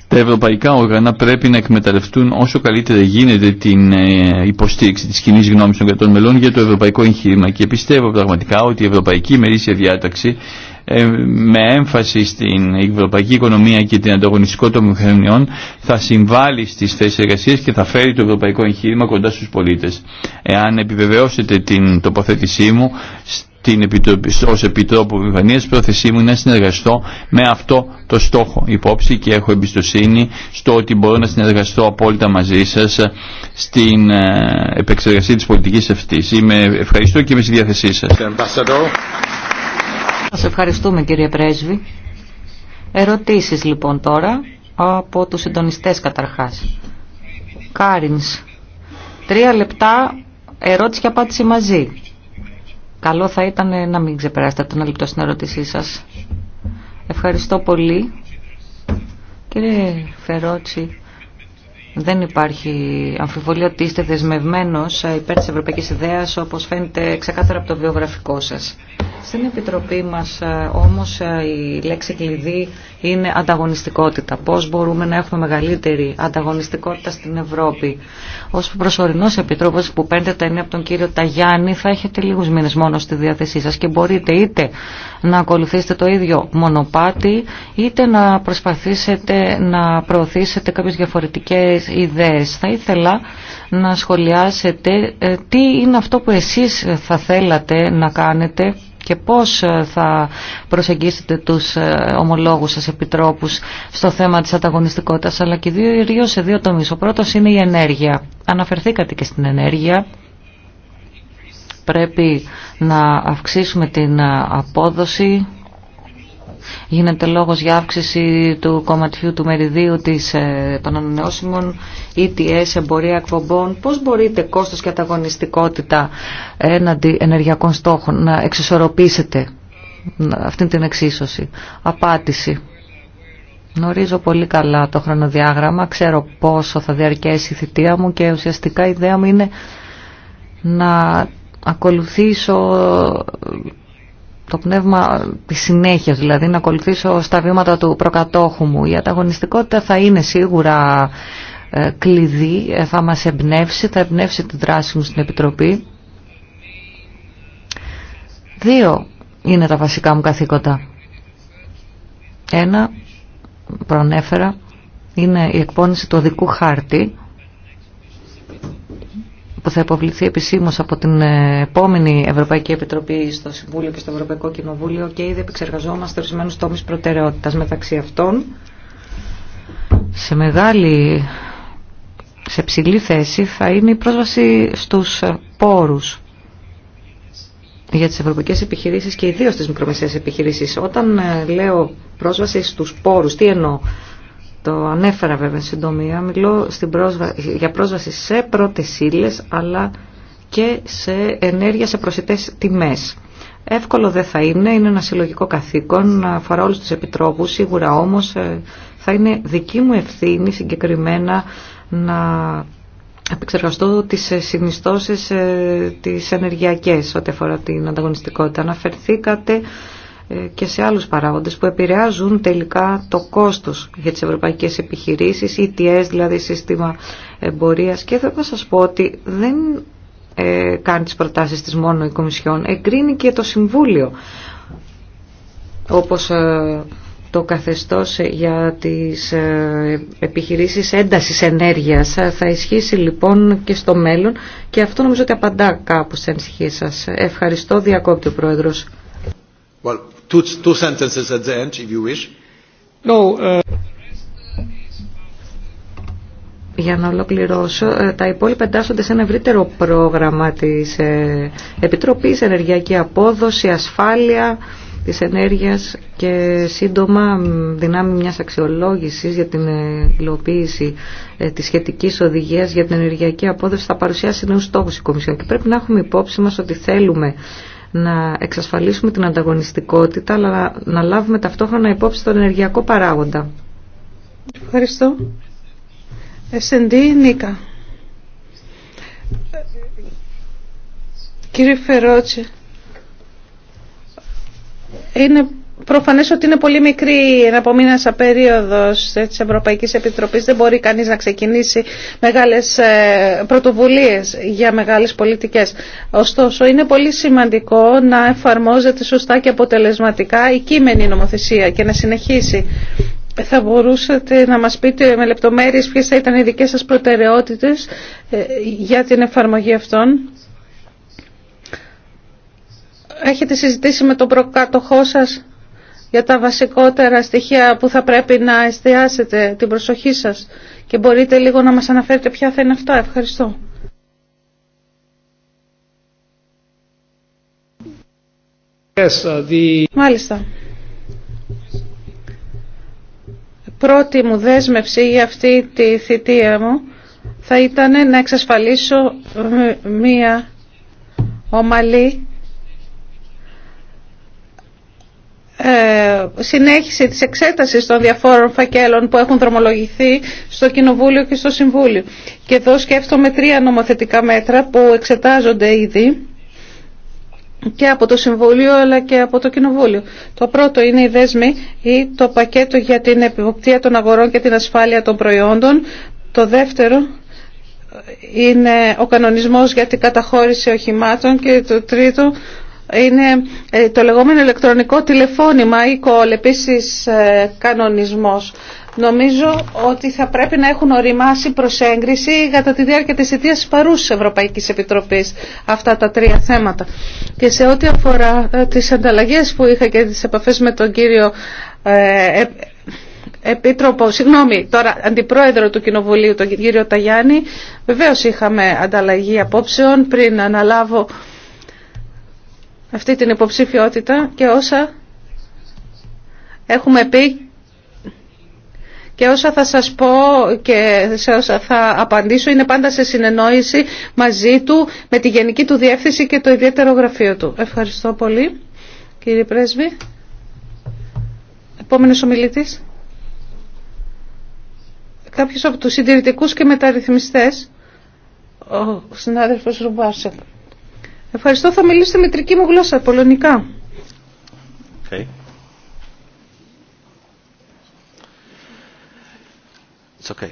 Τα ευρωπαϊκά όργανα πρέπει να εκμεταλλευτούν όσο καλύτερα γίνεται την ε, υποστήριξη της κοινή γνώμης των κρατών μελών για το ευρωπαϊκό εγχείρημα και πιστεύω πραγματικά ότι η ευρωπαϊκή μερίσια διάταξη ε, με έμφαση στην ευρωπαϊκή οικονομία και την ανταγωνιστικότητα των μηχανιών θα συμβάλλει στις θέσεις εργασίας και θα φέρει το ευρωπαϊκό εγχείρημα κοντά στους πολίτες. Εάν επιβεβαιώσετε την τοποθέτησή μου την Επιτροπή, ως Επιτρόπο Βιβανίας πρόθεσή μου είναι να συνεργαστώ με αυτό το στόχο υπόψη και έχω εμπιστοσύνη στο ότι μπορώ να συνεργαστώ απόλυτα μαζί σας στην ε, επεξεργασία της πολιτικής αυτής. Είμαι ευχαριστώ και είμαι στη διάθεσή σα. Σας ευχαριστούμε κύριε Πρέσβη. Ερωτήσεις λοιπόν τώρα από τους συντονιστές καταρχάς. Κάρινς, τρία λεπτά ερώτηση και απάντηση μαζί. Καλό θα ήταν ε, να μην ξεπεράσετε τον λεπτό στην ερώτησή σας. Ευχαριστώ πολύ. Κύριε Φερότσι, δεν υπάρχει αμφιβολία ότι είστε δεσμευμένο υπέρ τη ευρωπαϊκή ιδέα, όπω φαίνεται ξεκάθαρα από το βιογραφικό σα. Στην Επιτροπή μα ε, όμω ε, η λέξη κλειδί είναι ανταγωνιστικότητα. Πώ μπορούμε να έχουμε μεγαλύτερη ανταγωνιστικότητα στην Ευρώπη. Ω προσωρινό επιτρόπο που παίρνετε τα από τον κύριο Ταγιάννη, θα έχετε λίγου μήνε μόνο στη διάθεσή σα και μπορείτε είτε να ακολουθήσετε το ίδιο μονοπάτι, είτε να προσπαθήσετε να προωθήσετε κάποιε διαφορετικέ θα ήθελα να σχολιάσετε ε, τι είναι αυτό που εσείς θα θέλατε να κάνετε και πώς ε, θα προσεγγίσετε τους ε, ομολόγους σας επιτρόπους στο θέμα της ανταγωνιστικότητας αλλά και δύο σε δύο τομείς. Ο πρώτος είναι η ενέργεια. Αναφερθήκατε και στην ενέργεια. Πρέπει να αυξήσουμε την απόδοση γίνεται λόγος για αύξηση του κομματιού του μεριδίου της, ε, των ανανεώσιμων ETS, εμπορία εκπομπών. Πώς μπορείτε κόστος και ανταγωνιστικότητα έναντι ενεργειακών στόχων να εξισορροπήσετε αυτή την εξίσωση. Απάτηση. Γνωρίζω πολύ καλά το χρονοδιάγραμμα, ξέρω πόσο θα διαρκέσει η θητεία μου και ουσιαστικά η ιδέα μου είναι να ακολουθήσω το πνεύμα της συνέχειας, δηλαδή να ακολουθήσω στα βήματα του προκατόχου μου. Η ανταγωνιστικότητα θα είναι σίγουρα ε, κλειδί, ε, θα μας εμπνεύσει, θα εμπνεύσει τη δράση μου στην Επιτροπή. Δύο είναι τα βασικά μου καθήκοντα. Ένα, προνέφερα, είναι η εκπόνηση του οδικού χάρτη που θα υποβληθεί επισήμω από την ε, επόμενη Ευρωπαϊκή Επιτροπή στο Συμβούλιο και στο Ευρωπαϊκό Κοινοβούλιο και ήδη επεξεργαζόμαστε ορισμένου τόμου προτεραιότητα. Μεταξύ αυτών, σε μεγάλη, σε ψηλή θέση θα είναι η πρόσβαση στου ε, πόρου για τις ευρωπαϊκές επιχειρήσεις και ιδίως τις μικρομεσαίες επιχειρήσεις. Όταν ε, λέω πρόσβαση στους πόρους, τι εννοώ το ανέφερα βέβαια συντομία, μιλώ στην για πρόσβαση σε πρώτες ύλε, αλλά και σε ενέργεια σε προσιτές τιμές. Εύκολο δεν θα είναι, είναι ένα συλλογικό καθήκον, αφορά όλους τους επιτρόπους, σίγουρα όμως ε, θα είναι δική μου ευθύνη συγκεκριμένα να επεξεργαστώ τις ε, συνιστώσεις ε, τις ενεργειακές ό,τι αφορά την ανταγωνιστικότητα. Αναφερθήκατε ε, και σε άλλους παράγοντες που επηρεάζουν τελικά το κόστος για τις ευρωπαϊκές επιχειρήσεις, ETS δηλαδή σύστημα εμπορίας και θέλω να σας πω ότι δεν ε, κάνει τις προτάσεις της μόνο η Κομισιόν, εγκρίνει και το Συμβούλιο όπως ε, το καθεστώς για τις ε, επιχειρήσεις έντασης ενέργειας θα ισχύσει λοιπόν και στο μέλλον και αυτό νομίζω ότι απαντά κάπου σε ανησυχία σας. Ευχαριστώ, διακόπτει ο Πρόεδρος. Well, two, sentences at the end, if you wish. No, uh... Για να ολοκληρώσω, ε, τα υπόλοιπα εντάσσονται σε ένα ευρύτερο πρόγραμμα της ε, Επιτροπής, ενεργειακή απόδοση, ασφάλεια της ενέργειας και σύντομα δυνάμει μιας αξιολόγησης για την ε, υλοποίηση της σχετικής οδηγίας για την ενεργειακή απόδοση θα παρουσιάσει νέους στόχους η Κομισιόν και πρέπει να έχουμε υπόψη μας ότι θέλουμε να εξασφαλίσουμε την ανταγωνιστικότητα, αλλά να λάβουμε ταυτόχρονα υπόψη τον ενεργειακό παράγοντα. Ευχαριστώ. S&D Νίκα. Κύριε είναι Προφανές ότι είναι πολύ μικρή εναπομείνασα περίοδος της ευρωπαϊκή Επιτροπής. Δεν μπορεί κανείς να ξεκινήσει μεγάλες ε, πρωτοβουλίες για μεγάλες πολιτικές. Ωστόσο, είναι πολύ σημαντικό να εφαρμόζεται σωστά και αποτελεσματικά η κείμενη νομοθεσία και να συνεχίσει. Θα μπορούσατε να μας πείτε με λεπτομέρειες ποιες θα ήταν οι δικές σας προτεραιότητες ε, για την εφαρμογή αυτών έχετε συζητήσει με τον προκάτοχό σας για τα βασικότερα στοιχεία που θα πρέπει να εστιάσετε την προσοχή σας και μπορείτε λίγο να μας αναφέρετε ποια θα είναι αυτά. Ευχαριστώ. Uh, Μάλιστα. Πρώτη μου δέσμευση για αυτή τη θητεία μου θα ήταν να εξασφαλίσω μία ομαλή Ε, συνέχιση της εξέτασης των διαφόρων φακέλων που έχουν δρομολογηθεί στο Κοινοβούλιο και στο Συμβούλιο. Και εδώ σκέφτομαι τρία νομοθετικά μέτρα που εξετάζονται ήδη και από το Συμβούλιο αλλά και από το Κοινοβούλιο. Το πρώτο είναι η δέσμη ή το πακέτο για την επιποπτεία των αγορών και την ασφάλεια των προϊόντων. Το δεύτερο είναι ο κανονισμός για την καταχώρηση οχημάτων και το τρίτο είναι ε, το λεγόμενο ηλεκτρονικό τηλεφώνημα ή κόλ, επίσης ε, κανονισμός. Νομίζω ότι θα πρέπει να έχουν οριμάσει προς έγκριση κατά τη διάρκεια της αιτίας της παρούσης Ευρωπαϊκής Επιτροπής αυτά τα τρία θέματα. Και σε ό,τι αφορά ε, τις ανταλλαγές που είχα και τις επαφές με τον κύριο Επίτροπο, συγγνώμη, τώρα Αντιπρόεδρο του Κοινοβουλίου, τον κύριο Ταγιάννη, βεβαίως είχαμε ανταλλαγή απόψεων πριν αναλάβω αυτή την υποψηφιότητα και όσα έχουμε πει και όσα θα σας πω και σε όσα θα απαντήσω είναι πάντα σε συνεννόηση μαζί του με τη Γενική του Διεύθυνση και το ιδιαίτερο γραφείο του. Ευχαριστώ πολύ κύριε Πρέσβη. Επόμενος ομιλητής. Κάποιος από τους συντηρητικούς και μεταρρυθμιστές. Ο συνάδελφος Ρουμπάρσεκ. Ευχαριστώ. Θα μιλήσω στη μητρική μου γλώσσα, πολωνικά. Okay.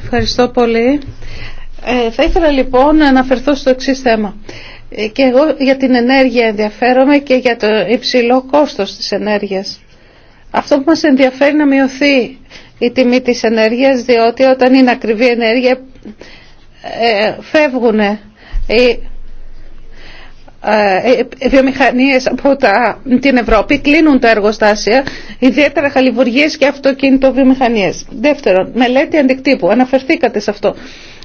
Ευχαριστώ πολύ. Ε, θα ήθελα λοιπόν να αναφερθώ στο εξή θέμα. Ε, και εγώ για την ενέργεια ενδιαφέρομαι και για το υψηλό κόστος της ενέργειας. Αυτό που μας ενδιαφέρει να μειωθεί η τιμή της ενέργειας διότι όταν είναι ακριβή ενέργεια ε, φεύγουν ε, οι βιομηχανίες από την Ευρώπη κλείνουν τα εργοστάσια, ιδιαίτερα χαλιβουργίες και αυτοκίνητο βιομηχανίες. Δεύτερον, μελέτη αντικτύπου. Αναφερθήκατε σε αυτό.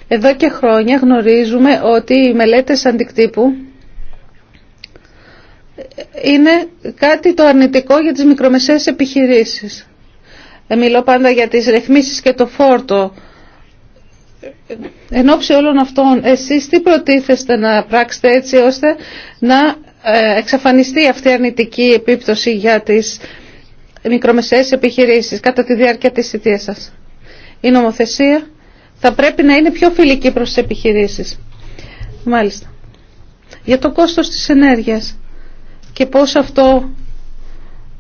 Εδώ και χρόνια γνωρίζουμε ότι οι μελέτες αντικτύπου είναι κάτι το αρνητικό για τις μικρομεσαίες επιχειρήσεις. Μιλώ πάντα για τις ρυθμίσεις και το φόρτο. Εν ώψη όλων αυτών, εσείς τι προτίθεστε να πράξετε έτσι ώστε να ε, εξαφανιστεί αυτή η αρνητική επίπτωση για τις μικρομεσαίες επιχειρήσεις κατά τη διάρκεια της θητείας σας. Η νομοθεσία θα πρέπει να είναι πιο φιλική προς τις επιχειρήσεις. Μάλιστα. Για το κόστος της ενέργειας και πώς αυτό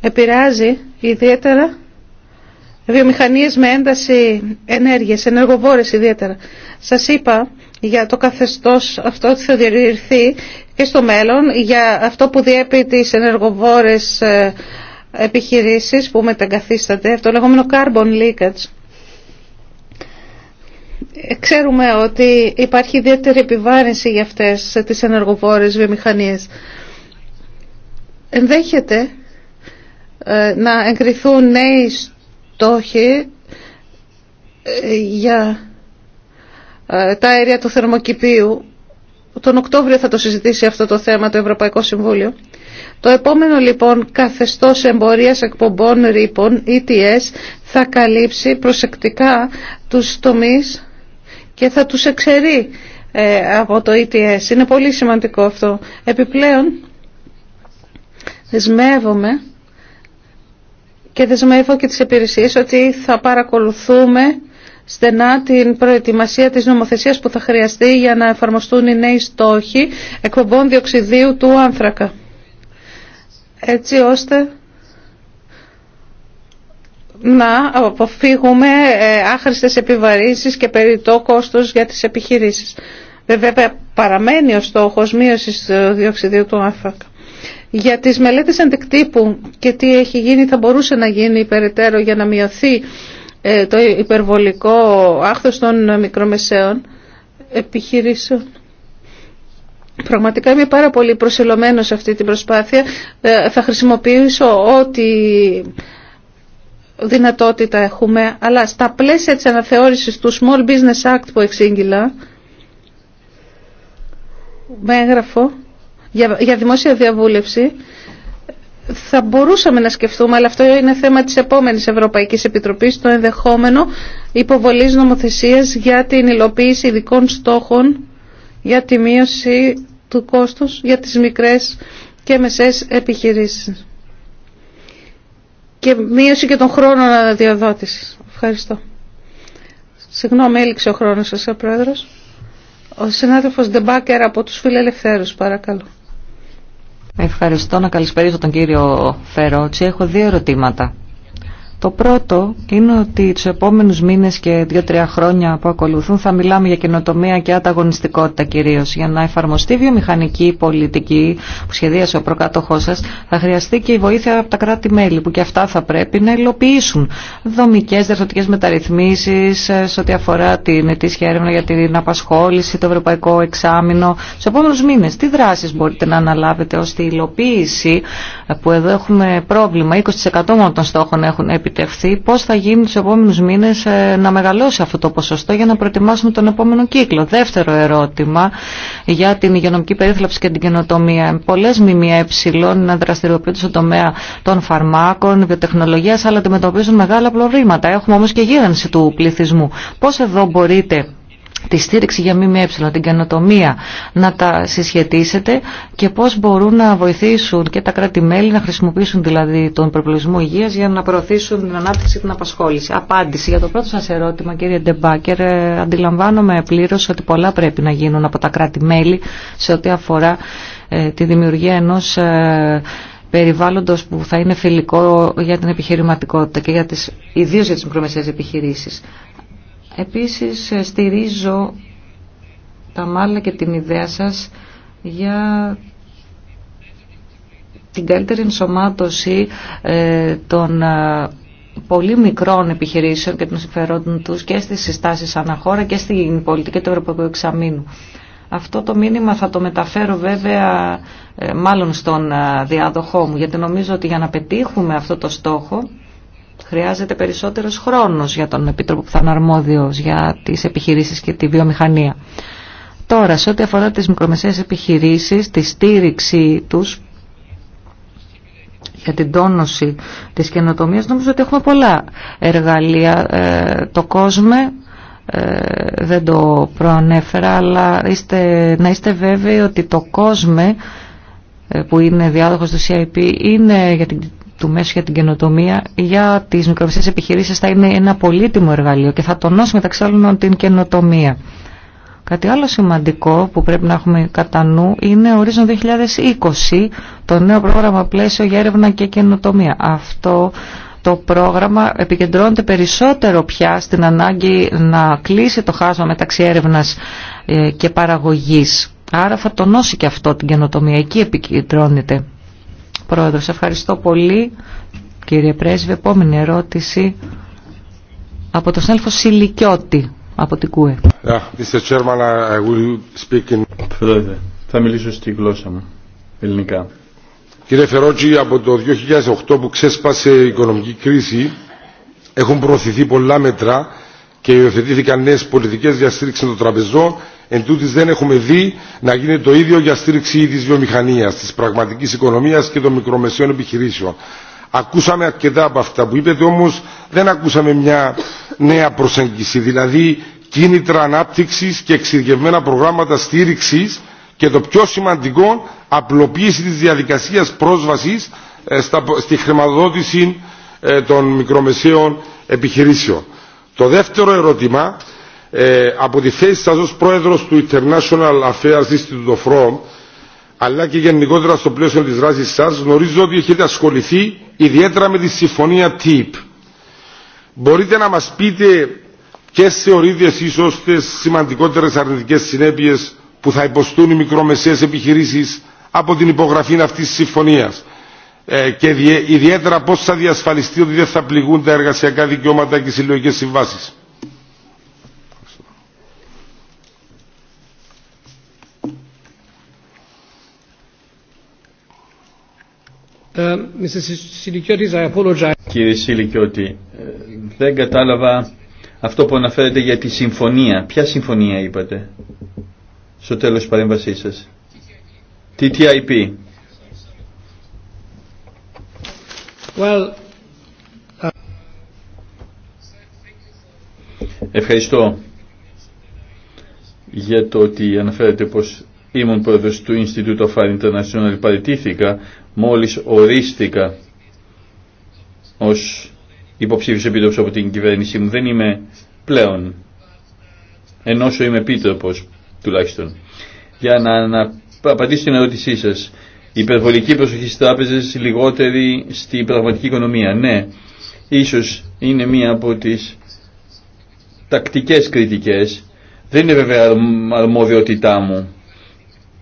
επηρεάζει ιδιαίτερα βιομηχανίες με ένταση ενέργειας, ενεργοβόρες ιδιαίτερα. Σας είπα για το καθεστώς αυτό ότι θα διατηρηθεί και στο μέλλον για αυτό που διέπει τις ενεργοβόρες ε, επιχειρήσεις που μεταγκαθίστανται, το λεγόμενο carbon leakage. Ε, ξέρουμε ότι υπάρχει ιδιαίτερη επιβάρυνση για αυτές τις ενεργοβόρες βιομηχανίες. Ενδέχεται ε, να εγκριθούν νέοι όχι ε, για ε, τα αέρια του θερμοκηπίου. Τον Οκτώβριο θα το συζητήσει αυτό το θέμα το Ευρωπαϊκό Συμβούλιο. Το επόμενο λοιπόν καθεστώς εμπορίας εκπομπών ρήπων ETS θα καλύψει προσεκτικά τους τομείς και θα τους εξαιρεί ε, από το ETS. Είναι πολύ σημαντικό αυτό. Επιπλέον δεσμεύομαι και δεσμεύω και τις υπηρεσίε ότι θα παρακολουθούμε στενά την προετοιμασία της νομοθεσίας που θα χρειαστεί για να εφαρμοστούν οι νέοι στόχοι εκπομπών διοξιδίου του άνθρακα. Έτσι ώστε να αποφύγουμε ε, άχρηστες επιβαρύνσεις και περιττό κόστος για τις επιχειρήσεις. Βέβαια παραμένει ο στόχος μείωσης του ε, διοξιδίου του άνθρακα. Για τις μελέτες αντικτύπου και τι έχει γίνει, θα μπορούσε να γίνει περαιτέρω για να μειωθεί ε, το υπερβολικό άχθος των μικρομεσαίων επιχειρήσεων. Πραγματικά είμαι πάρα πολύ προσελωμένος σε αυτή την προσπάθεια. Ε, θα χρησιμοποιήσω ό,τι δυνατότητα έχουμε, αλλά στα πλαίσια της αναθεώρησης του Small Business Act που εξήγηλα, με έγγραφο, για, για δημόσια διαβούλευση θα μπορούσαμε να σκεφτούμε, αλλά αυτό είναι θέμα της επόμενης Ευρωπαϊκής Επιτροπής, το ενδεχόμενο υποβολής νομοθεσίας για την υλοποίηση ειδικών στόχων για τη μείωση του κόστους για τις μικρές και μεσές επιχειρήσεις. Και μείωση και των χρόνων αναδιαδότησης Ευχαριστώ. Συγγνώμη, έληξε ο χρόνος σας, ο Πρόεδρος. Ο συνάδελφος Ντεμπάκερ από τους Φιλελευθέρους, παρακαλώ. Ευχαριστώ να καλησπέρισω τον κύριο Φερότσι. Έχω δύο ερωτήματα. Το πρώτο είναι ότι του επόμενου μήνε και δύο-τρία χρόνια που ακολουθούν θα μιλάμε για καινοτομία και ανταγωνιστικότητα κυρίω Για να εφαρμοστεί βιομηχανική πολιτική που σχεδίασε ο προκατοχό σα, θα χρειαστεί και η βοήθεια από τα κράτη-μέλη που και αυτά θα πρέπει να υλοποιήσουν δομικέ δραστηριοτικές μεταρρυθμίσει ε, σε ό,τι αφορά την ετήσια έρευνα για την απασχόληση, το ευρωπαϊκό εξάμεινο. Στου επόμενου μήνε. τι δράσει μπορείτε να αναλάβετε ώστε η υλοποίηση ε, που εδώ έχουμε πρόβλημα, 20% μόνο των στόχων έχουν επιτυχθεί επιτευχθεί, πώς θα γίνει τους επόμενους μήνες ε, να μεγαλώσει αυτό το ποσοστό για να προετοιμάσουμε τον επόμενο κύκλο. Δεύτερο ερώτημα για την υγειονομική περίθλαψη και την καινοτομία. Πολλές εψηλών, να δραστηριοποιούνται στον τομέα των φαρμάκων, βιοτεχνολογίας, αλλά αντιμετωπίζουν μεγάλα προβλήματα. Έχουμε όμως και γύρανση του πληθυσμού. Πώς εδώ μπορείτε τη στήριξη για ΜΜΕ, την καινοτομία, να τα συσχετίσετε και πώς μπορούν να βοηθήσουν και τα κράτη-μέλη να χρησιμοποιήσουν δηλαδή τον προπολογισμό υγείας για να προωθήσουν την ανάπτυξη και την απασχόληση. Απάντηση για το πρώτο σας ερώτημα κύριε Ντεμπάκερ, ε, αντιλαμβάνομαι πλήρως ότι πολλά πρέπει να γίνουν από τα κράτη-μέλη σε ό,τι αφορά ε, τη δημιουργία ενός ε, περιβάλλοντος που θα είναι φιλικό για την επιχειρηματικότητα και για τις, ιδίως για τις μικρομεσαίες επιχειρήσεις. Επίσης ε, στηρίζω τα μάλλα και την ιδέα σας για την καλύτερη ενσωμάτωση ε, των ε, πολύ μικρών επιχειρήσεων και των συμφερόντων τους και στις συστάσεις αναχώρα και στην πολιτική του Ευρωπαϊκού Εξαμήνου. Αυτό το μήνυμα θα το μεταφέρω βέβαια μάλλον στον διάδοχό μου, γιατί νομίζω ότι για να πετύχουμε αυτό το στόχο Χρειάζεται περισσότερος χρόνος για τον Επίτροπο που θα είναι αρμόδιος για τις επιχειρήσεις και τη βιομηχανία. Τώρα, σε ό,τι αφορά τις μικρομεσαίες επιχειρήσεις, τη στήριξη τους για την τόνωση της καινοτομίας, νομίζω ότι έχουμε πολλά εργαλεία. Ε, το κόσμε ε, δεν το προανέφερα, αλλά είστε, να είστε βέβαιοι ότι το κόσμε ε, που είναι διάδοχος του CIP είναι για την του μέσου για την καινοτομία για τι μικρομεσαίες επιχειρήσεις θα είναι ένα πολύτιμο εργαλείο και θα τονώσει μεταξύ άλλων την καινοτομία. Κάτι άλλο σημαντικό που πρέπει να έχουμε κατά νου είναι ορίζον 2020, το νέο πρόγραμμα πλαίσιο για έρευνα και καινοτομία. Αυτό το πρόγραμμα επικεντρώνεται περισσότερο πια στην ανάγκη να κλείσει το χάσμα μεταξύ έρευνα ε, και παραγωγής. Άρα θα τονώσει και αυτό την καινοτομία, εκεί επικεντρώνεται. Πρόεδρος. Ευχαριστώ πολύ κύριε Πρέσβη. Επόμενη ερώτηση από τον Σέλφο Σιλικιώτη από την ΚΟΕ. θα μιλήσω στη γλώσσα μου, ελληνικά. Κύριε Φερότζη, από το 2008 που ξέσπασε η οικονομική κρίση έχουν προωθηθεί πολλά μέτρα και υιοθετήθηκαν νέε πολιτικέ για στήριξη των τραπεζών, εν δεν έχουμε δει να γίνει το ίδιο για στήριξη τη βιομηχανία, τη πραγματική οικονομία και των μικρομεσαίων επιχειρήσεων. Ακούσαμε αρκετά από αυτά που είπετε, όμω δεν ακούσαμε μια νέα προσέγγιση, δηλαδή κίνητρα ανάπτυξη και εξειδικευμένα προγράμματα στήριξη και το πιο σημαντικό, απλοποίηση τη διαδικασία πρόσβαση ε, στη χρηματοδότηση ε, των μικρομεσαίων επιχειρήσεων. Το δεύτερο ερώτημα ε, από τη θέση σας ως πρόεδρος του International Affairs Institute of Rome αλλά και γενικότερα στο πλαίσιο της δράσης σας γνωρίζω ότι έχετε ασχοληθεί ιδιαίτερα με τη συμφωνία TIP. Μπορείτε να μας πείτε και σε εσείς ίσως τις σημαντικότερες αρνητικές συνέπειες που θα υποστούν οι μικρομεσαίες επιχειρήσεις από την υπογραφή αυτής της συμφωνίας ε, και ιδιαίτερα πώς θα διασφαλιστεί ότι δεν θα πληγούν τα εργασιακά δικαιώματα και οι συλλογικές συμβάσεις. Ε, Κύριε Σιλικιώτη, ε, δεν κατάλαβα αυτό που αναφέρετε για τη συμφωνία. Ποια συμφωνία είπατε στο τέλος της παρέμβασής σας. TTIP. Uh, Ευχαριστώ για το ότι αναφέρετε πως ήμουν πρόεδρος του Ινστιτούτου Afar International παραιτήθηκα μόλις ορίστηκα ως υποψήφιος επίτροπος από την κυβέρνησή μου. Δεν είμαι πλέον, ενώσο είμαι επίτροπος τουλάχιστον. Για να, να απαντήσω στην ερώτησή σας, υπερβολική προσοχή στις τράπεζες, λιγότερη στην πραγματική οικονομία. Ναι, ίσως είναι μία από τις τακτικές κριτικές. Δεν είναι βέβαια αρμοδιότητά μου.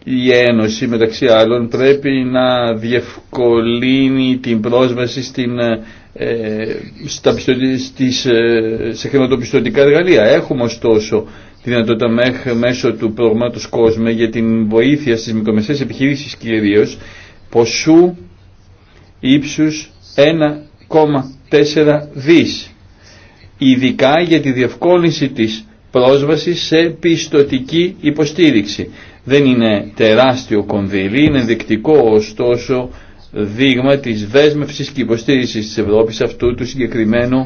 Η Ένωση μεταξύ άλλων πρέπει να διευκολύνει την πρόσβαση στην, ε, ε στις, ε, σε χρηματοπιστωτικά εργαλεία. Έχουμε ωστόσο τη δυνατότητα μέχρι, μέσω του προγράμματος COSME για την βοήθεια στις μικρομεσαίες επιχειρήσεις κυρίως ποσού ύψους 1,4 δις ειδικά για τη διευκόλυνση της πρόσβασης σε πιστοτική υποστήριξη. Δεν είναι τεράστιο κονδύλι, είναι δεικτικό ωστόσο δείγμα της δέσμευση και υποστήριξης της Ευρώπης αυτού του συγκεκριμένου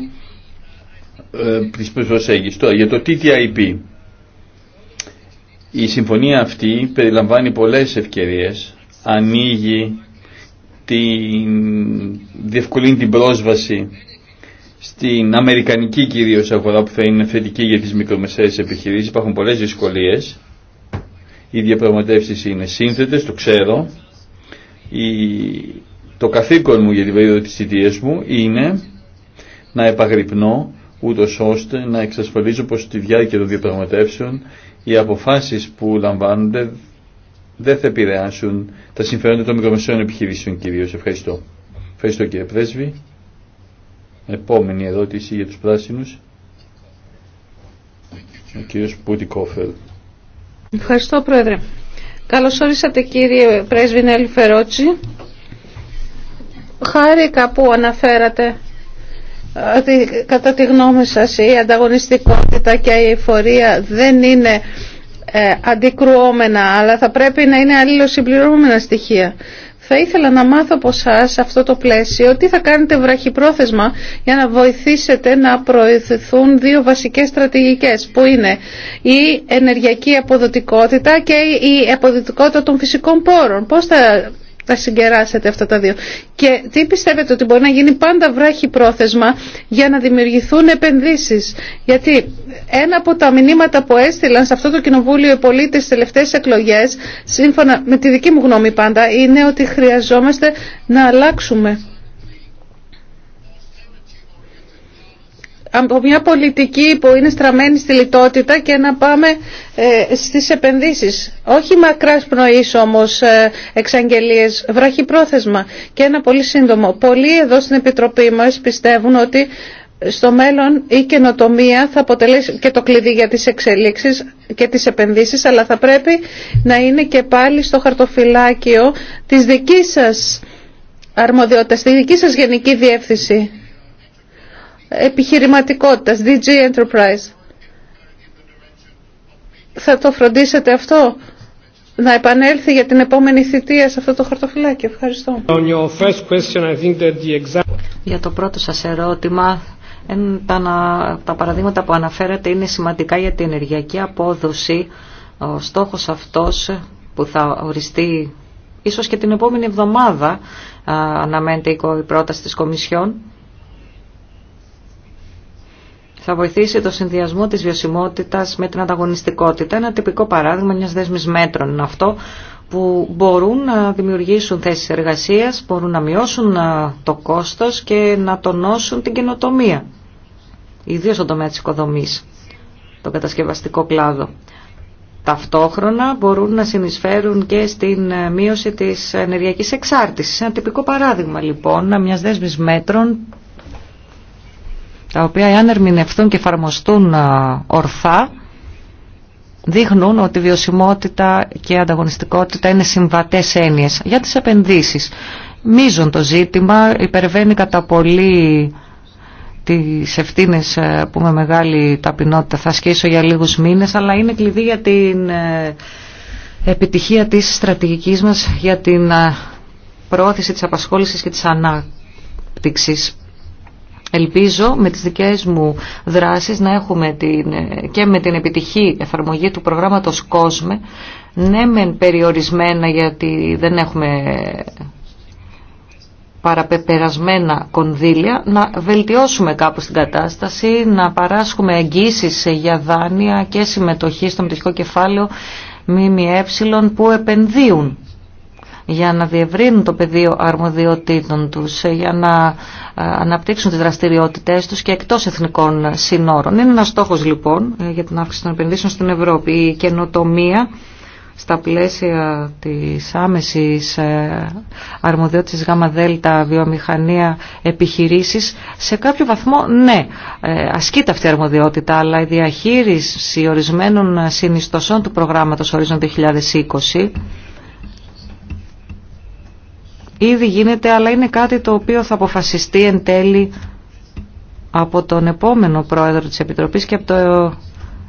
ε, τη προσέγγιση. Τώρα για το TTIP η συμφωνία αυτή περιλαμβάνει πολλές ευκαιρίες, ανοίγει, την, διευκολύνει την πρόσβαση στην αμερικανική κυρίως αγορά που θα είναι θετική για τις μικρομεσαίες επιχειρήσεις. Υπάρχουν πολλές δυσκολίες. Οι διαπραγματεύσεις είναι σύνθετες, το ξέρω. Η, το καθήκον μου για την περίοδο της θητείας μου είναι να επαγρυπνώ ούτω ώστε να εξασφαλίζω πως στη διάρκεια των διαπραγματεύσεων οι αποφάσεις που λαμβάνονται δεν θα επηρεάσουν τα συμφέροντα των μικρομεσαίων επιχειρήσεων κυρίως. Ευχαριστώ. Ευχαριστώ κύριε Πρέσβη. Επόμενη ερώτηση για τους πράσινους. Ο κύριος Πούτι Κόφελ. Ευχαριστώ Πρόεδρε. Καλώς όρισατε κύριε Πρέσβη Νέλη Φερότσι. Χάρηκα που αναφέρατε ότι κατά τη γνώμη σας η ανταγωνιστικότητα και η εφορία δεν είναι ε, αντικρουόμενα, αλλά θα πρέπει να είναι αλληλοσυμπληρώμενα στοιχεία. Θα ήθελα να μάθω από εσά αυτό το πλαίσιο τι θα κάνετε βραχυπρόθεσμα για να βοηθήσετε να προωθηθούν δύο βασικές στρατηγικές που είναι η ενεργειακή αποδοτικότητα και η αποδοτικότητα των φυσικών πόρων τα συγκεράσετε αυτά τα δύο. Και τι πιστεύετε ότι μπορεί να γίνει πάντα βράχη πρόθεσμα για να δημιουργηθούν επενδύσεις. Γιατί ένα από τα μηνύματα που έστειλαν σε αυτό το κοινοβούλιο οι πολίτε στι τελευταίες εκλογέ, σύμφωνα με τη δική μου γνώμη πάντα, είναι ότι χρειαζόμαστε να αλλάξουμε από μια πολιτική που είναι στραμμένη στη λιτότητα και να πάμε ε, στις επενδύσεις. Όχι μακράς πνοής όμως ε, εξαγγελίες, βραχυπρόθεσμα και ένα πολύ σύντομο. Πολλοί εδώ στην Επιτροπή μας πιστεύουν ότι στο μέλλον η καινοτομία θα αποτελέσει και το κλειδί για τις εξελίξεις και τις επενδύσεις, αλλά θα πρέπει να είναι και πάλι στο χαρτοφυλάκιο της δικής σας αρμοδιότητας, της δικής σας γενική διεύθυνση επιχειρηματικότητας, DG Enterprise. Θα το φροντίσετε αυτό να επανέλθει για την επόμενη θητεία σε αυτό το χαρτοφυλάκι. Ευχαριστώ. Για το πρώτο σας ερώτημα, τα παραδείγματα που αναφέρατε είναι σημαντικά για την ενεργειακή απόδοση. Ο στόχος αυτός που θα οριστεί ίσως και την επόμενη εβδομάδα αναμένεται η πρόταση της Κομισιόν θα βοηθήσει το συνδυασμό της βιωσιμότητας με την ανταγωνιστικότητα. Ένα τυπικό παράδειγμα μιας δέσμης μέτρων είναι αυτό που μπορούν να δημιουργήσουν θέσεις εργασίας, μπορούν να μειώσουν ε, το κόστος και να τονώσουν την καινοτομία, ιδίω στον τομέα της οικοδομής, τον κατασκευαστικό κλάδο. Ταυτόχρονα μπορούν να συνεισφέρουν και στην ε, μείωση της ενεργειακής εξάρτησης. Ένα τυπικό παράδειγμα λοιπόν μιας δέσμης μέτρων τα οποία εάν ερμηνευτούν και εφαρμοστούν ορθά, δείχνουν ότι βιωσιμότητα και ανταγωνιστικότητα είναι συμβατές έννοιες. Για τις επενδύσεις, μίζουν το ζήτημα, υπερβαίνει κατά πολύ τις ευθύνες ε, που με μεγάλη ταπεινότητα θα ασκήσω για λίγους μήνες, αλλά είναι κλειδί για την ε, επιτυχία της στρατηγικής μας για την ε, προώθηση της απασχόλησης και της ανάπτυξης. Ελπίζω με τις δικές μου δράσεις να έχουμε την, και με την επιτυχή εφαρμογή του προγράμματος Κόσμε ναι μεν περιορισμένα γιατί δεν έχουμε παραπεπερασμένα κονδύλια, να βελτιώσουμε κάπως την κατάσταση, να παράσχουμε εγγύσεις για δάνεια και συμμετοχή στο μετοχικό κεφάλαιο ΜΜΕ που επενδύουν για να διευρύνουν το πεδίο αρμοδιοτήτων τους, για να ε, αναπτύξουν τις δραστηριότητές τους και εκτός εθνικών συνόρων. Είναι ένας στόχος λοιπόν ε, για την αύξηση των επενδύσεων στην Ευρώπη. Η καινοτομία στα πλαίσια της άμεσης ε, αρμοδιότητας γάμα δέλτα βιομηχανία επιχειρήσεις σε κάποιο βαθμό ναι ασκείται αυτή η αρμοδιότητα αλλά η διαχείριση ορισμένων συνιστοσών του προγράμματος ορίζον 2020 ήδη γίνεται, αλλά είναι κάτι το οποίο θα αποφασιστεί εν τέλει από τον επόμενο πρόεδρο της Επιτροπής και από το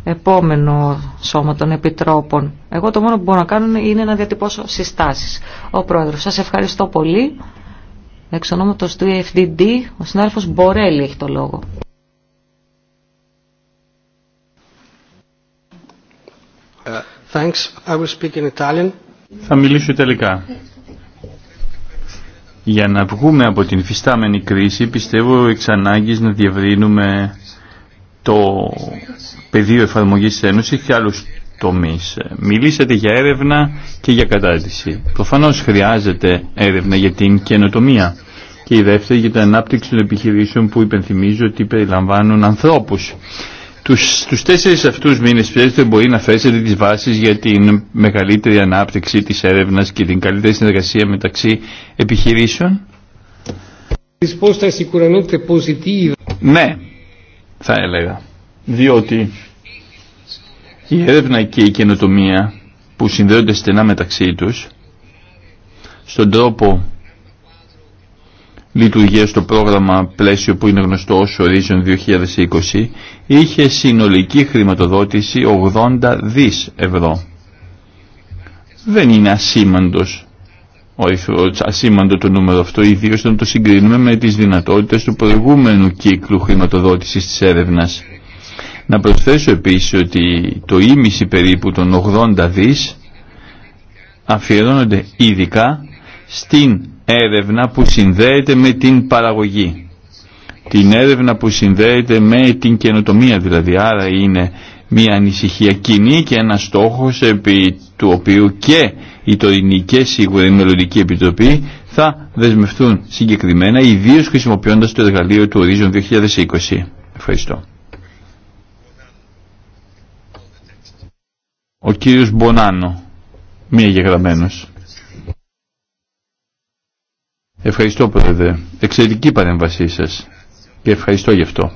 επόμενο σώμα των Επιτρόπων. Εγώ το μόνο που μπορώ να κάνω είναι να διατυπώσω συστάσεις. Ο πρόεδρος, σας ευχαριστώ πολύ. Εξ ονόματος του EFDD, ο συνάδελφος Μπορέλη έχει το λόγο. Ε, θα μιλήσω Ιταλικά. Για να βγούμε από την φυστάμενη κρίση πιστεύω εξ να διευρύνουμε το πεδίο εφαρμογής της Ένωσης και άλλους τομείς. Μιλήσατε για έρευνα και για κατάρτιση. Προφανώς χρειάζεται έρευνα για την καινοτομία και η δεύτερη για την ανάπτυξη των επιχειρήσεων που υπενθυμίζω ότι περιλαμβάνουν ανθρώπους τους, τους τέσσερις αυτούς μήνες πιστεύετε μπορεί να φέσετε τις βάσεις για την μεγαλύτερη ανάπτυξη της έρευνας και την καλύτερη συνεργασία μεταξύ επιχειρήσεων. Ναι, θα έλεγα. Διότι η έρευνα και η καινοτομία που συνδέονται στενά μεταξύ τους στον τρόπο λειτουργία στο πρόγραμμα πλαίσιο που είναι γνωστό ως Horizon 2020 είχε συνολική χρηματοδότηση 80 δις ευρώ. Δεν είναι ασήμαντος ασήμαντο το νούμερο αυτό, ιδίως όταν το συγκρίνουμε με τις δυνατότητες του προηγούμενου κύκλου χρηματοδότησης της έρευνας. Να προσθέσω επίσης ότι το ίμιση περίπου των 80 δις αφιερώνονται ειδικά στην έρευνα που συνδέεται με την παραγωγή. Την έρευνα που συνδέεται με την καινοτομία δηλαδή. Άρα είναι μια ανησυχία κοινή και ένα στόχος επί του οποίου και η τωρινή και σίγουρα η μελλοντική επιτροπή θα δεσμευτούν συγκεκριμένα ιδίω χρησιμοποιώντας το εργαλείο του Horizon 2020. Ευχαριστώ. Ο κύριος Μπονάνο, μία γεγραμμένος. Ευχαριστώ Πρόεδρε. Εξαιρετική παρέμβασή σας και ευχαριστώ γι' αυτό.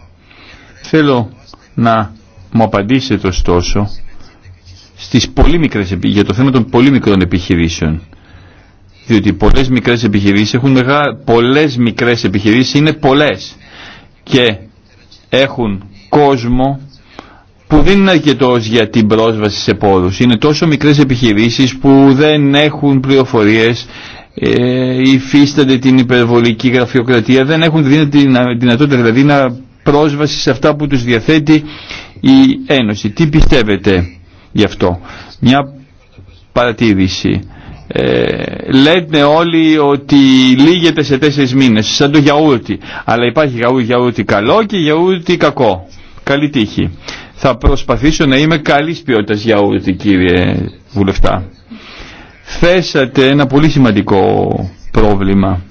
Θέλω να μου απαντήσετε ωστόσο στις πολύ μικρές, για το θέμα των πολύ μικρών επιχειρήσεων. Διότι πολλές μικρές επιχειρήσεις έχουν πολλές μικρές επιχειρήσεις είναι πολλές και έχουν κόσμο που δεν είναι αρκετό για την πρόσβαση σε πόρους. Είναι τόσο μικρές επιχειρήσεις που δεν έχουν πληροφορίες, ε, υφίστανται την υπερβολική γραφειοκρατία, δεν έχουν την δυνατότητα δηλαδή να πρόσβαση σε αυτά που τους διαθέτει η Ένωση. Τι πιστεύετε γι' αυτό. Μια παρατήρηση. Ε, λέτε όλοι ότι λύγεται σε τέσσερις μήνες, σαν το γιαούρτι. Αλλά υπάρχει γιαούρτι καλό και γιαούρτι κακό. Καλή τύχη. Θα προσπαθήσω να είμαι καλής ποιότητας γιαούρτι κύριε βουλευτά θέσατε ένα πολύ σημαντικό πρόβλημα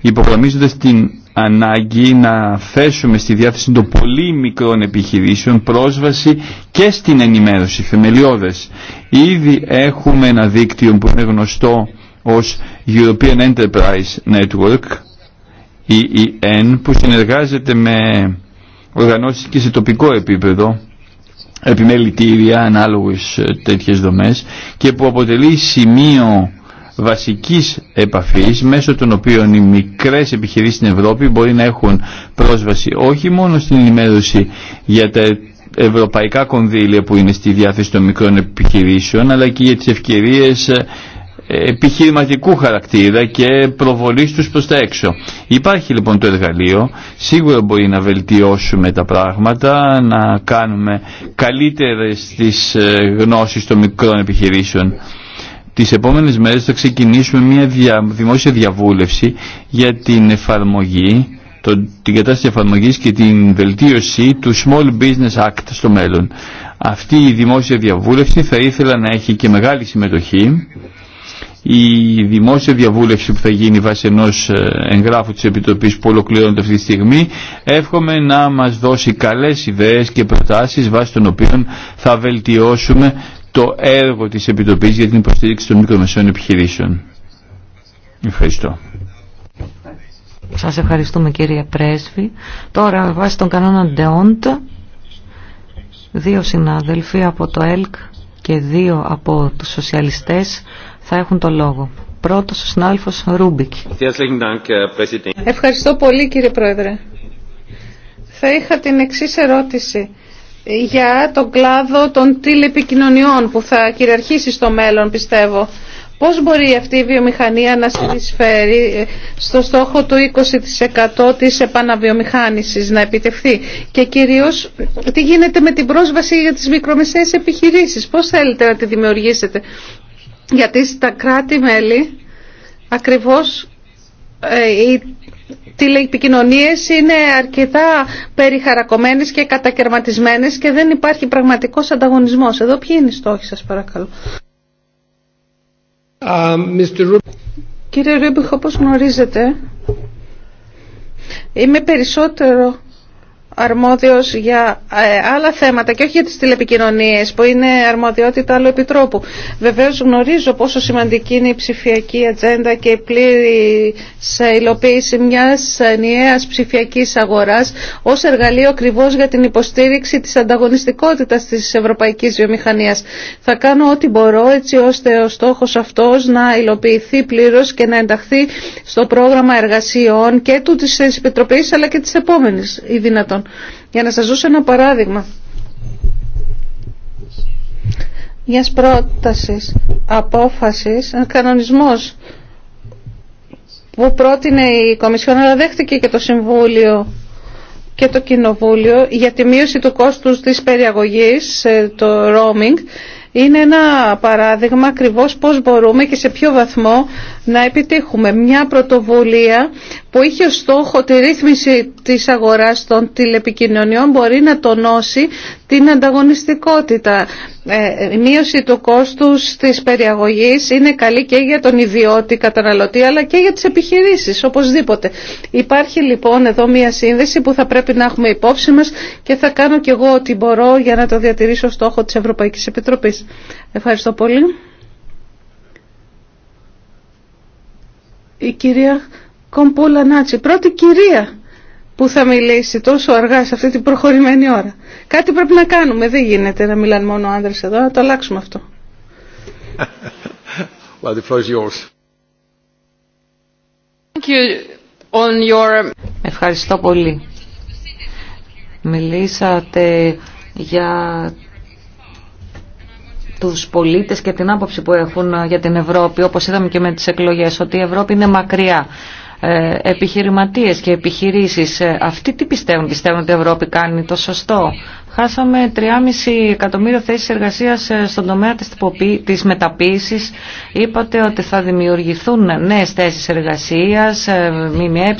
υπογραμμίζοντας την ανάγκη να θέσουμε στη διάθεση των πολύ μικρών επιχειρήσεων πρόσβαση και στην ενημέρωση θεμελιώδες. Ήδη έχουμε ένα δίκτυο που είναι γνωστό ως European Enterprise Network EEN που συνεργάζεται με οργανώσεις και σε τοπικό επίπεδο επιμελητήρια, ανάλογες ε, τέτοιες δομές και που αποτελεί σημείο βασικής επαφής μέσω των οποίων οι μικρές επιχειρήσεις στην Ευρώπη μπορεί να έχουν πρόσβαση όχι μόνο στην ενημέρωση για τα ευρωπαϊκά κονδύλια που είναι στη διάθεση των μικρών επιχειρήσεων αλλά και για τις ευκαιρίες ε, επιχειρηματικού χαρακτήρα και προβολής τους προς τα έξω. Υπάρχει λοιπόν το εργαλείο, σίγουρα μπορεί να βελτιώσουμε τα πράγματα, να κάνουμε καλύτερες τις ε, γνώσεις των μικρών επιχειρήσεων. Τις επόμενες μέρες θα ξεκινήσουμε μια δημόσια διαβούλευση για την εφαρμογή την κατάσταση εφαρμογή και την βελτίωση του Small Business Act στο μέλλον. Αυτή η δημόσια διαβούλευση θα ήθελα να έχει και μεγάλη συμμετοχή η δημόσια διαβούλευση που θα γίνει βάσει ενό ε, εγγράφου της Επιτροπή που ολοκληρώνεται αυτή τη στιγμή εύχομαι να μας δώσει καλές ιδέες και προτάσεις βάσει των οποίων θα βελτιώσουμε το έργο της επιτροπή για την υποστήριξη των μικρομεσαίων επιχειρήσεων. Ευχαριστώ. Σας ευχαριστούμε κύριε Πρέσβη. Τώρα βάσει των κανόνα Ντεόντ δύο συνάδελφοι από το ΕΛΚ και δύο από τους σοσιαλιστές θα έχουν το λόγο. Πρώτος ο συνάδελφος Ρούμπικ. Ευχαριστώ πολύ κύριε Πρόεδρε. Θα είχα την εξής ερώτηση για τον κλάδο των τηλεπικοινωνιών που θα κυριαρχήσει στο μέλλον πιστεύω. Πώς μπορεί αυτή η βιομηχανία να συνεισφέρει στο στόχο του 20% της επαναβιομηχάνησης να επιτευχθεί και κυρίως τι γίνεται με την πρόσβαση για τις μικρομεσαίες επιχειρήσεις, πώς θέλετε να τη δημιουργήσετε γιατί στα κράτη-μέλη ακριβώς ε, οι τηλεπικοινωνίες είναι αρκετά περιχαρακωμένες και κατακαιρματισμένες και δεν υπάρχει πραγματικός ανταγωνισμός. Εδώ ποιοι είναι οι στόχοι σας παρακαλώ. Uh, Mr. Κύριε Ρούμπιχ, όπως γνωρίζετε, είμαι περισσότερο αρμόδιος για ε, άλλα θέματα και όχι για τις τηλεπικοινωνίες που είναι αρμοδιότητα άλλου επιτρόπου. Βεβαίως γνωρίζω πόσο σημαντική είναι η ψηφιακή ατζέντα και η πλήρη υλοποίηση μιας ενιαίας ψηφιακής αγοράς ως εργαλείο ακριβώ για την υποστήριξη της ανταγωνιστικότητας της ευρωπαϊκής βιομηχανίας. Θα κάνω ό,τι μπορώ έτσι ώστε ο στόχος αυτός να υλοποιηθεί πλήρως και να ενταχθεί στο πρόγραμμα εργασιών και του της Επιτροπής αλλά και της επόμενης ή δυνατόν. Για να σας δώσω ένα παράδειγμα. Μια πρόταση απόφασης, ένα κανονισμός που πρότεινε η Κομισιόν, αλλά δέχτηκε και το Συμβούλιο και το Κοινοβούλιο για τη μείωση του κόστους της περιαγωγής, ε, το roaming, είναι ένα παράδειγμα ακριβώ πώς μπορούμε και σε ποιο βαθμό να επιτύχουμε μια πρωτοβουλία που είχε ως στόχο τη ρύθμιση της αγοράς των τηλεπικοινωνιών μπορεί να τονώσει την ανταγωνιστικότητα. Ε, η μείωση του κόστους της περιαγωγής είναι καλή και για τον ιδιώτη καταναλωτή αλλά και για τις επιχειρήσεις οπωσδήποτε. Υπάρχει λοιπόν εδώ μια σύνδεση που θα πρέπει να έχουμε υπόψη μας και θα κάνω κι εγώ ό,τι μπορώ για να το διατηρήσω στόχο της Ευρωπαϊκής Επιτροπής. Ευχαριστώ πολύ. η κυρία Κομπούλα Νάτσι, πρώτη κυρία που θα μιλήσει τόσο αργά σε αυτή την προχωρημένη ώρα. Κάτι πρέπει να κάνουμε, δεν γίνεται να μιλάνε μόνο άντρες εδώ, να το αλλάξουμε αυτό. well, the yours. Thank you on your... Ευχαριστώ πολύ. Μιλήσατε για τους πολίτες και την άποψη που έχουν ε, για την Ευρώπη, όπως είδαμε και με τις εκλογές, ότι η Ευρώπη είναι μακριά. Ε, επιχειρηματίες και επιχειρήσεις, ε, αυτοί τι πιστεύουν, πιστεύουν ότι η Ευρώπη κάνει το σωστό, Χάσαμε 3,5 εκατομμύρια θέσεις εργασίας ε, στον τομέα της, της μεταποίησης. Είπατε ότι θα δημιουργηθούν νέες θέσεις εργασίας, ε, ΜΜΕ,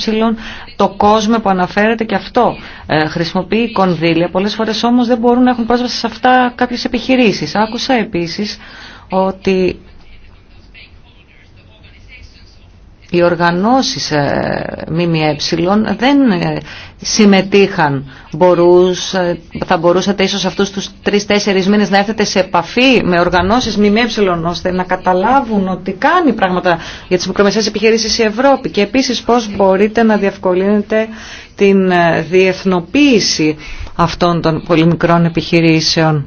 το κόσμο που αναφέρεται και αυτό ε, χρησιμοποιεί κονδύλια. Πολλές φορές όμως δεν μπορούν να έχουν πρόσβαση σε αυτά κάποιες επιχειρήσεις. Άκουσα επίσης ότι οι οργανώσεις ε, ΜΜΕ δεν ε, συμμετείχαν. Ε, θα μπορούσατε ίσως αυτούς τους τρεις-τέσσερις μήνες να έρθετε σε επαφή με οργανώσεις ΜΜΕ ώστε να καταλάβουν ότι κάνει πράγματα για τις μικρομεσαίες επιχειρήσεις η Ευρώπη και επίσης πώς μπορείτε να διευκολύνετε την διεθνοποίηση αυτών των πολύ μικρών επιχειρήσεων.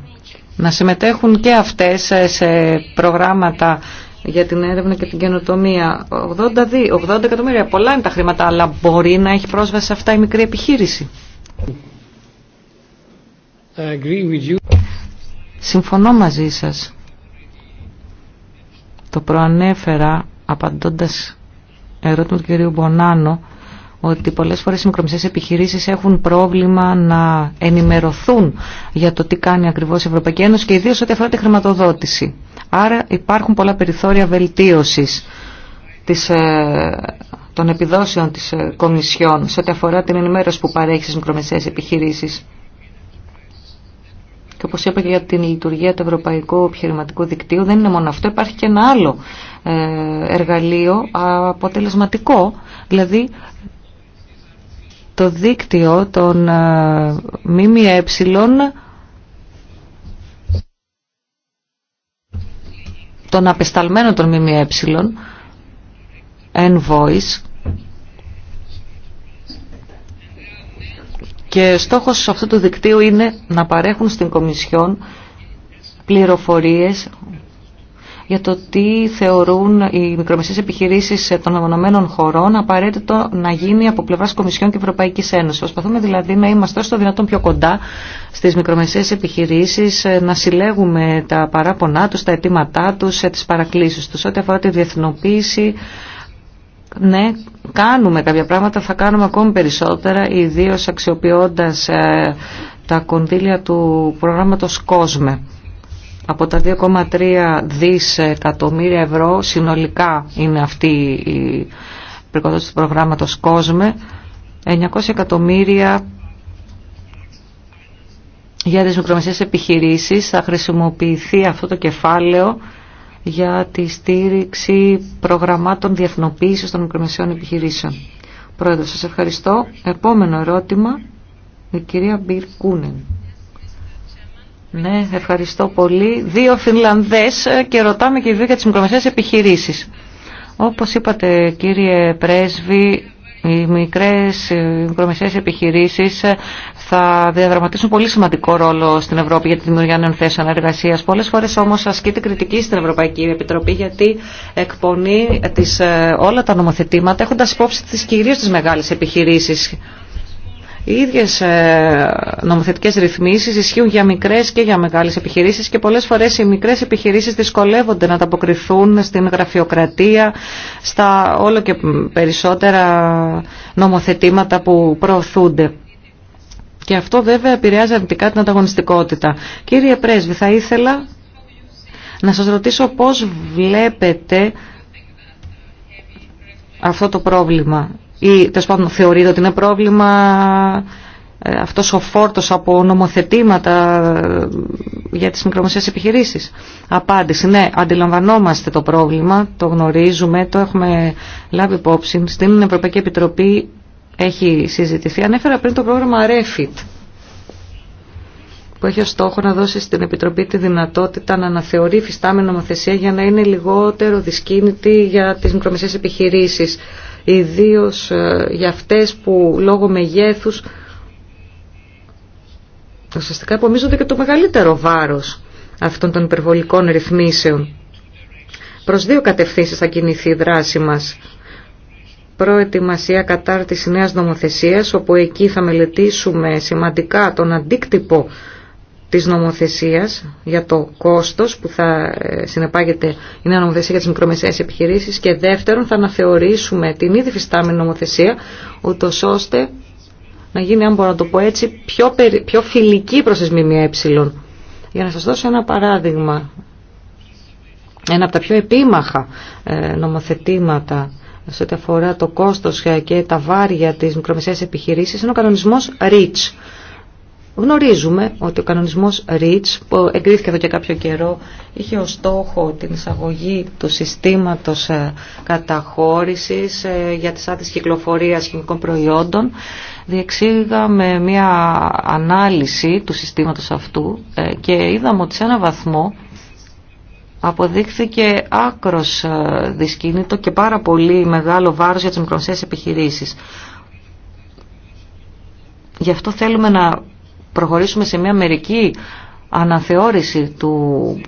Να συμμετέχουν και αυτές σε προγράμματα για την έρευνα και την καινοτομία. 80, 80 εκατομμύρια, πολλά είναι τα χρήματα, αλλά μπορεί να έχει πρόσβαση σε αυτά η μικρή επιχείρηση. Συμφωνώ μαζί σας. Το προανέφερα απαντώντας ερώτημα του κυρίου Μπονάνο ότι πολλές φορές οι μικρομεσαίες επιχειρήσεις έχουν πρόβλημα να ενημερωθούν για το τι κάνει ακριβώς η Ευρωπαϊκή Ένωση και ιδίως ό,τι αφορά τη χρηματοδότηση. Άρα υπάρχουν πολλά περιθώρια βελτίωσης της, ε, των επιδόσεων της ε, Κομισιόν σε ό,τι αφορά την ενημέρωση που παρέχει στις μικρομεσαίες επιχειρήσεις. Και όπως είπα και για την λειτουργία του Ευρωπαϊκού Επιχειρηματικού Δικτύου, δεν είναι μόνο αυτό, υπάρχει και ένα άλλο ε, εργαλείο αποτελεσματικό, δηλαδή το δίκτυο των ε, ΜΜΕ των απεσταλμένων των ΜΜΕ voice και στόχος αυτού του δικτύου είναι να παρέχουν στην Κομισιόν πληροφορίες για το τι θεωρούν οι μικρομεσαίες επιχειρήσει των μεμονωμένων χωρών απαραίτητο να γίνει από πλευρά Κομισιόν και Ευρωπαϊκή Ένωση. Προσπαθούμε δηλαδή να είμαστε όσο το δυνατόν πιο κοντά στι μικρομεσαίες επιχειρήσει να συλλέγουμε τα παράπονά του, τα αιτήματά τους, ε, τι παρακλήσει του, Ό,τι αφορά τη διεθνοποίηση, ναι, κάνουμε κάποια πράγματα, θα κάνουμε ακόμη περισσότερα, ιδίω αξιοποιώντα ε, τα κονδύλια του προγράμματος COSME. Από τα 2,3 εκατομμύρια ευρώ συνολικά είναι αυτή η πρικοδότηση του προγράμματος COSME. 900 εκατομμύρια για τις μικρομεσαίες επιχειρήσεις θα χρησιμοποιηθεί αυτό το κεφάλαιο για τη στήριξη προγραμμάτων διεθνοποίησης των μικρομεσαίων επιχειρήσεων. Πρόεδρε, σας ευχαριστώ. Επόμενο ερώτημα, η κυρία Μπιρ Κούνεν. Ναι, ευχαριστώ πολύ. Δύο Φινλανδές ε, και ρωτάμε και δύο για τις μικρομεσαίες επιχειρήσεις. Όπως είπατε κύριε Πρέσβη, οι μικρές, ε, οι μικρομεσαίες επιχειρήσεις ε, θα διαδραματίσουν πολύ σημαντικό ρόλο στην Ευρώπη για τη δημιουργία νέων θέσεων εργασία. Πολλέ φορέ όμω ασκείται κριτική στην Ευρωπαϊκή Επιτροπή γιατί εκπονεί τις, όλα τα νομοθετήματα έχοντα υπόψη τι κυρίω τι μεγάλε επιχειρήσει οι ίδιες ε, νομοθετικές ρυθμίσεις ισχύουν για μικρές και για μεγάλες επιχειρήσεις και πολλές φορές οι μικρές επιχειρήσεις δυσκολεύονται να ανταποκριθούν στην γραφειοκρατία, στα όλο και περισσότερα νομοθετήματα που προωθούνται. Και αυτό βέβαια επηρεάζει αρνητικά την ανταγωνιστικότητα. Κύριε Πρέσβη, θα ήθελα να σας ρωτήσω πώς βλέπετε αυτό το πρόβλημα ή τέλο πάντων θεωρείτε ότι είναι πρόβλημα ε, αυτός ο φόρτος από νομοθετήματα ε, για τις μικρομεσαίες επιχειρήσεις. Απάντηση, ναι, αντιλαμβανόμαστε το πρόβλημα, το γνωρίζουμε, το έχουμε λάβει υπόψη. Στην Ευρωπαϊκή Επιτροπή έχει συζητηθεί. Ανέφερα πριν το πρόγραμμα REFIT που έχει ως στόχο να δώσει στην Επιτροπή τη δυνατότητα να αναθεωρεί φυστάμενη νομοθεσία για να είναι λιγότερο δυσκίνητη για τις μικρομεσαίες επιχειρήσεις ιδίως ε, για αυτές που λόγω μεγέθους ουσιαστικά υπομίζονται και το μεγαλύτερο βάρος αυτών των υπερβολικών ρυθμίσεων. Προς δύο κατευθύνσεις θα κινηθεί η δράση μας. Προετοιμασία κατάρτιση νέας νομοθεσίας, όπου εκεί θα μελετήσουμε σημαντικά τον αντίκτυπο της νομοθεσίας για το κόστος που θα ε, συνεπάγεται η νέα νομοθεσία για τις μικρομεσαίες επιχειρήσεις και δεύτερον θα αναθεωρήσουμε την ήδη φυστάμενη νομοθεσία ούτω ώστε να γίνει, αν μπορώ να το πω έτσι, πιο, πιο φιλική προς τις ΜΜΕ. Για να σας δώσω ένα παράδειγμα, ένα από τα πιο επίμαχα ε, νομοθετήματα σε ό,τι αφορά το κόστος ε, και τα βάρια της μικρομεσαίας επιχειρήσης είναι ο κανονισμός REACH Γνωρίζουμε ότι ο κανονισμός REACH που εγκρίθηκε εδώ και κάποιο καιρό είχε ως στόχο την εισαγωγή του συστήματος ε, καταχώρησης ε, για τις άδειες κυκλοφορίας χημικών προϊόντων. Διεξήγαμε μια ανάλυση του συστήματος αυτού ε, και είδαμε ότι σε ένα βαθμό αποδείχθηκε άκρος δυσκίνητο και πάρα πολύ μεγάλο βάρος για τις μικρομεσαίες επιχειρήσεις. Γι' αυτό θέλουμε να προχωρήσουμε σε μια μερική αναθεώρηση του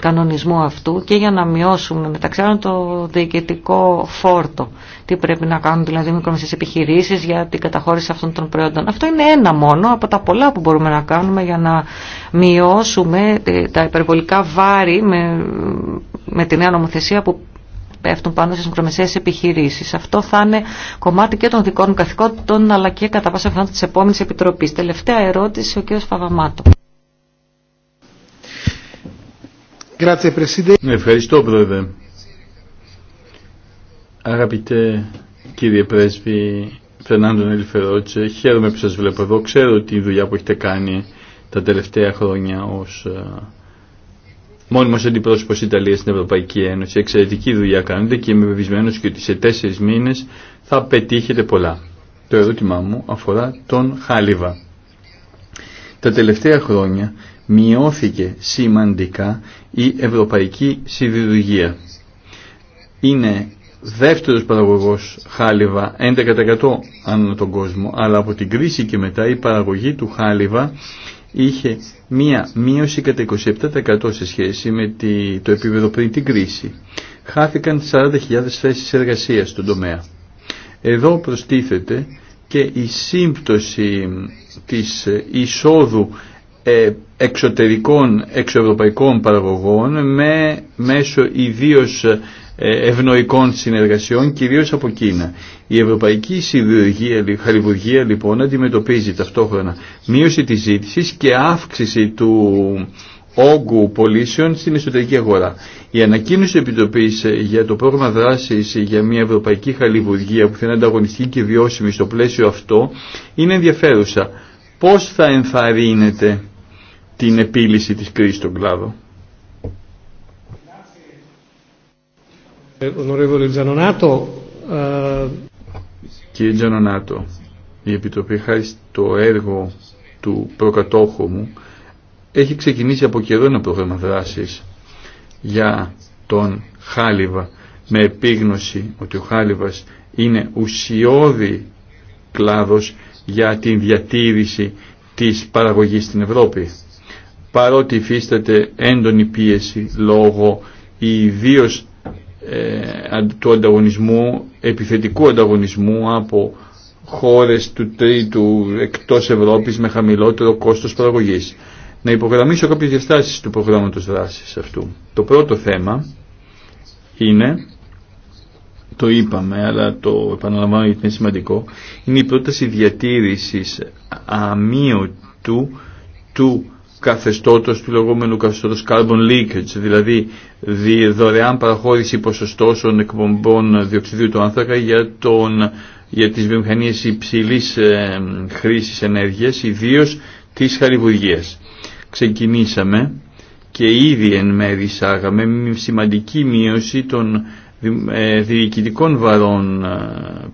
κανονισμού αυτού και για να μειώσουμε μεταξύ άλλων το διοικητικό φόρτο. Τι πρέπει να κάνουν δηλαδή μικρομεσαίες επιχειρήσεις για την καταχώρηση αυτών των προϊόντων. Αυτό είναι ένα μόνο από τα πολλά που μπορούμε να κάνουμε για να μειώσουμε τα υπερβολικά βάρη με, με τη νέα νομοθεσία που πέφτουν πάνω στις μικρομεσαίες επιχειρήσεις. Αυτό θα είναι κομμάτι και των δικών μου καθηκόντων αλλά και κατά πάσα πιθανότητα τη επόμενη επιτροπής. Τελευταία ερώτηση ο κ. Φαβαμάτο. Ευχαριστώ πρόεδρε. Αγαπητέ κύριε πρέσβη Φερνάντο Νελφερότσε, χαίρομαι που σας βλέπω εδώ. Ξέρω τη δουλειά που έχετε κάνει τα τελευταία χρόνια ως ε, μόνιμος αντιπρόσωπος Ιταλία στην Ευρωπαϊκή Ένωση. Εξαιρετική δουλειά κάνετε και είμαι βεβαισμένο και ότι σε τέσσερι μήνες θα πετύχετε πολλά. Το ερώτημά μου αφορά τον Χάλιβα. Τα τελευταία χρόνια μειώθηκε σημαντικά η ευρωπαϊκή σιδηρουργία. Είναι δεύτερος παραγωγός χάλιβα 11% ανά τον κόσμο, αλλά από την κρίση και μετά η παραγωγή του χάλιβα είχε μία μείωση κατά 27% σε σχέση με το επίπεδο πριν την κρίση. Χάθηκαν 40.000 θέσεις εργασίας στον τομέα. Εδώ προστίθεται και η σύμπτωση της εισόδου ε, εξωτερικών εξωευρωπαϊκών παραγωγών με μέσω ιδίως ε, ευνοϊκών συνεργασιών, κυρίως από Κίνα. Η Ευρωπαϊκή Χαλιβουργία λοιπόν αντιμετωπίζει ταυτόχρονα μείωση της ζήτησης και αύξηση του όγκου πωλήσεων στην εσωτερική αγορά. Η ανακοίνωση της ε, για το πρόγραμμα δράσης για μια ευρωπαϊκή χαλιβουργία που θα είναι ανταγωνιστική και βιώσιμη στο πλαίσιο αυτό είναι ενδιαφέρουσα. Πώς θα ενθαρρύνεται την επίλυση της κρίσης στον κλάδο. Eh, eh, Κύριε Τζανονάτο, η Επιτροπή χάρη στο έργο του προκατόχου μου έχει ξεκινήσει από καιρό ένα πρόγραμμα δράσης για τον Χάλιβα με επίγνωση ότι ο Χάλιβας είναι ουσιώδη κλάδος για την διατήρηση της παραγωγής στην Ευρώπη. Παρότι υφίσταται έντονη πίεση λόγω ιδίως ε, του ανταγωνισμού, επιθετικού ανταγωνισμού από χώρες του τρίτου εκτός Ευρώπης με χαμηλότερο κόστος παραγωγής. Να υπογραμμίσω κάποιες διαστάσεις του προγράμματος δράσης αυτού. Το πρώτο θέμα είναι, το είπαμε αλλά το επαναλαμβάνω γιατί είναι σημαντικό, είναι η πρόταση διατήρησης αμύωτου του καθεστώτος του λεγόμενου καθεστώτος carbon leakage, δηλαδή δωρεάν παραχώρηση ποσοστώσεων εκπομπών διοξιδίου του άνθρακα για, τον, για τις βιομηχανίες υψηλής ε, χρήσης ενέργειας, ιδίως της χαλιβουργίας. Ξεκινήσαμε και ήδη εν μέρη εισάγαμε σημαντική μείωση των ε, διοικητικών βαρών ε,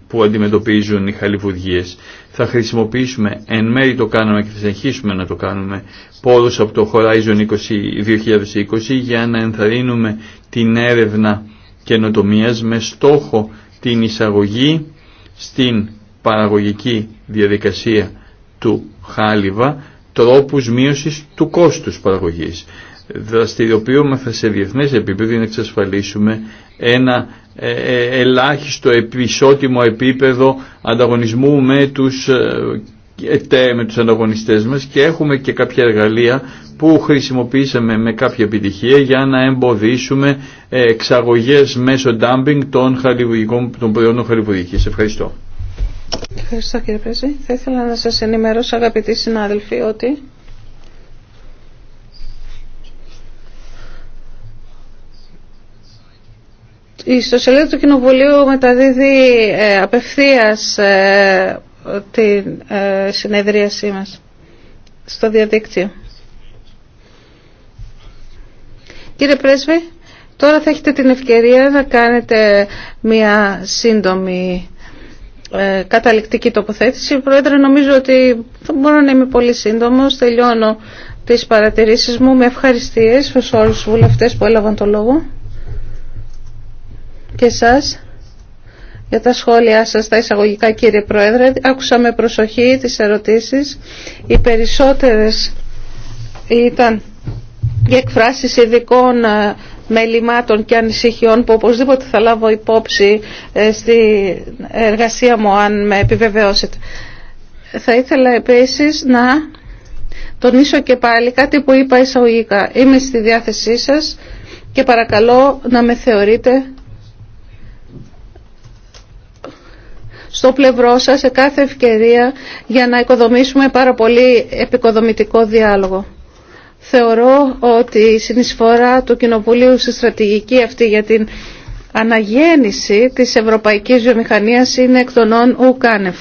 που αντιμετωπίζουν οι χαλιβουργίες. Θα χρησιμοποιήσουμε, εν μέρη το κάναμε και θα συνεχίσουμε να το κάνουμε, πόρους από το Horizon 2020 για να ενθαρρύνουμε την έρευνα καινοτομίας με στόχο την εισαγωγή στην παραγωγική διαδικασία του χάλιβα τρόπους μείωσης του κόστους παραγωγής δραστηριοποιούμεθα σε διεθνέ επίπεδο για να εξασφαλίσουμε ένα ε, ε, ελάχιστο επισότιμο επίπεδο ανταγωνισμού με τους ετέ με τους ανταγωνιστές μας και έχουμε και κάποια εργαλεία που χρησιμοποιήσαμε με κάποια επιτυχία για να εμποδίσουμε ε, εξαγωγές μέσω dumping των, των προϊόντων χαλιβουργικής. Ευχαριστώ. Ευχαριστώ κύριε Πρέζη. Θα ήθελα να σας ενημερώσω αγαπητοί συνάδελφοι ότι Η ιστοσελίδα του Κοινοβουλίου μεταδίδει ε, απευθείας ε, την ε, συνεδρίασή μας στο διαδίκτυο. Κύριε Πρέσβη, τώρα θα έχετε την ευκαιρία να κάνετε μια σύντομη καταληκτική τοποθέτηση. Πρόεδρε, νομίζω ότι θα μπορώ να είμαι πολύ σύντομος. Τελειώνω τις παρατηρήσεις μου με ευχαριστίες στους όλους τους βουλευτές που έλαβαν το λόγο και σας για τα σχόλιά σας, τα εισαγωγικά κύριε Πρόεδρε. Άκουσα με προσοχή τις ερωτήσεις. Οι περισσότερες ήταν οι εκφράσεις ειδικών ε, μελημάτων και ανησυχιών που οπωσδήποτε θα λάβω υπόψη ε, στη εργασία μου αν με επιβεβαιώσετε. Θα ήθελα επίσης να τονίσω και πάλι κάτι που είπα εισαγωγικά. Είμαι στη διάθεσή σας και παρακαλώ να με θεωρείτε στο πλευρό σας σε κάθε ευκαιρία για να οικοδομήσουμε πάρα πολύ επικοδομητικό διάλογο. Θεωρώ ότι η συνεισφορά του Κοινοβουλίου στη στρατηγική αυτή για την αναγέννηση της ευρωπαϊκής βιομηχανίας είναι εκ των ουκάνευ.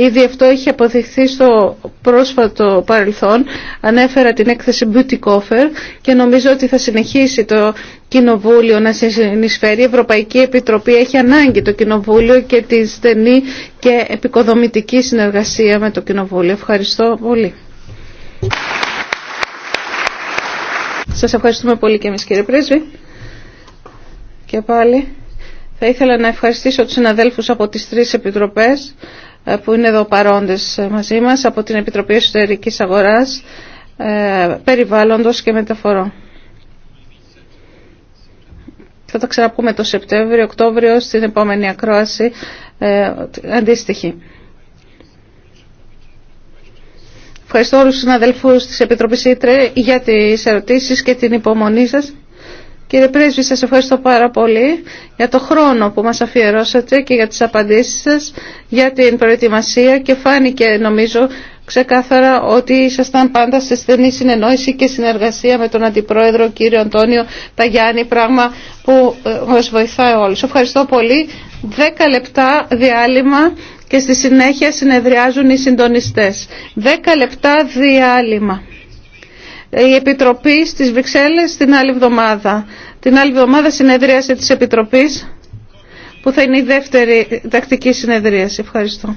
Ήδη αυτό έχει αποδειχθεί στο πρόσφατο παρελθόν. Ανέφερα την έκθεση Beauty Coffer και νομίζω ότι θα συνεχίσει το Κοινοβούλιο να συνεισφέρει. Η Ευρωπαϊκή Επιτροπή έχει ανάγκη το Κοινοβούλιο και τη στενή και επικοδομητική συνεργασία με το Κοινοβούλιο. Ευχαριστώ πολύ. Σας ευχαριστούμε πολύ και εμείς κύριε Πρέσβη. Και πάλι θα ήθελα να ευχαριστήσω τους συναδέλφους από τις τρεις επιτροπές ε, που είναι εδώ παρόντες μαζί μας από την Επιτροπή Εσωτερικής Αγοράς, ε, Περιβάλλοντος και Μεταφορών. Θα τα ξαναπούμε το Σεπτέμβριο-Οκτώβριο στην επόμενη ακρόαση ε, αντίστοιχη. Ευχαριστώ όλους τους συναδελφούς της Επιτροπής Ήτρε για τις ερωτήσεις και την υπομονή σας. Κύριε Πρέσβη, σας ευχαριστώ πάρα πολύ για το χρόνο που μας αφιερώσατε και για τις απαντήσεις σας, για την προετοιμασία και φάνηκε νομίζω ξεκάθαρα ότι ήσασταν πάντα σε στενή συνεννόηση και συνεργασία με τον Αντιπρόεδρο κύριο Αντώνιο Ταγιάννη, πράγμα που ε, μας βοηθάει όλους. Ευχαριστώ πολύ. Δέκα λεπτά διάλειμμα και στη συνέχεια συνεδριάζουν οι συντονιστές. Δέκα λεπτά διάλειμμα η Επιτροπή στις Βρυξέλλες την άλλη εβδομάδα. Την άλλη εβδομάδα συνεδρίασε της Επιτροπής που θα είναι η δεύτερη τακτική συνεδρίαση. Ευχαριστώ.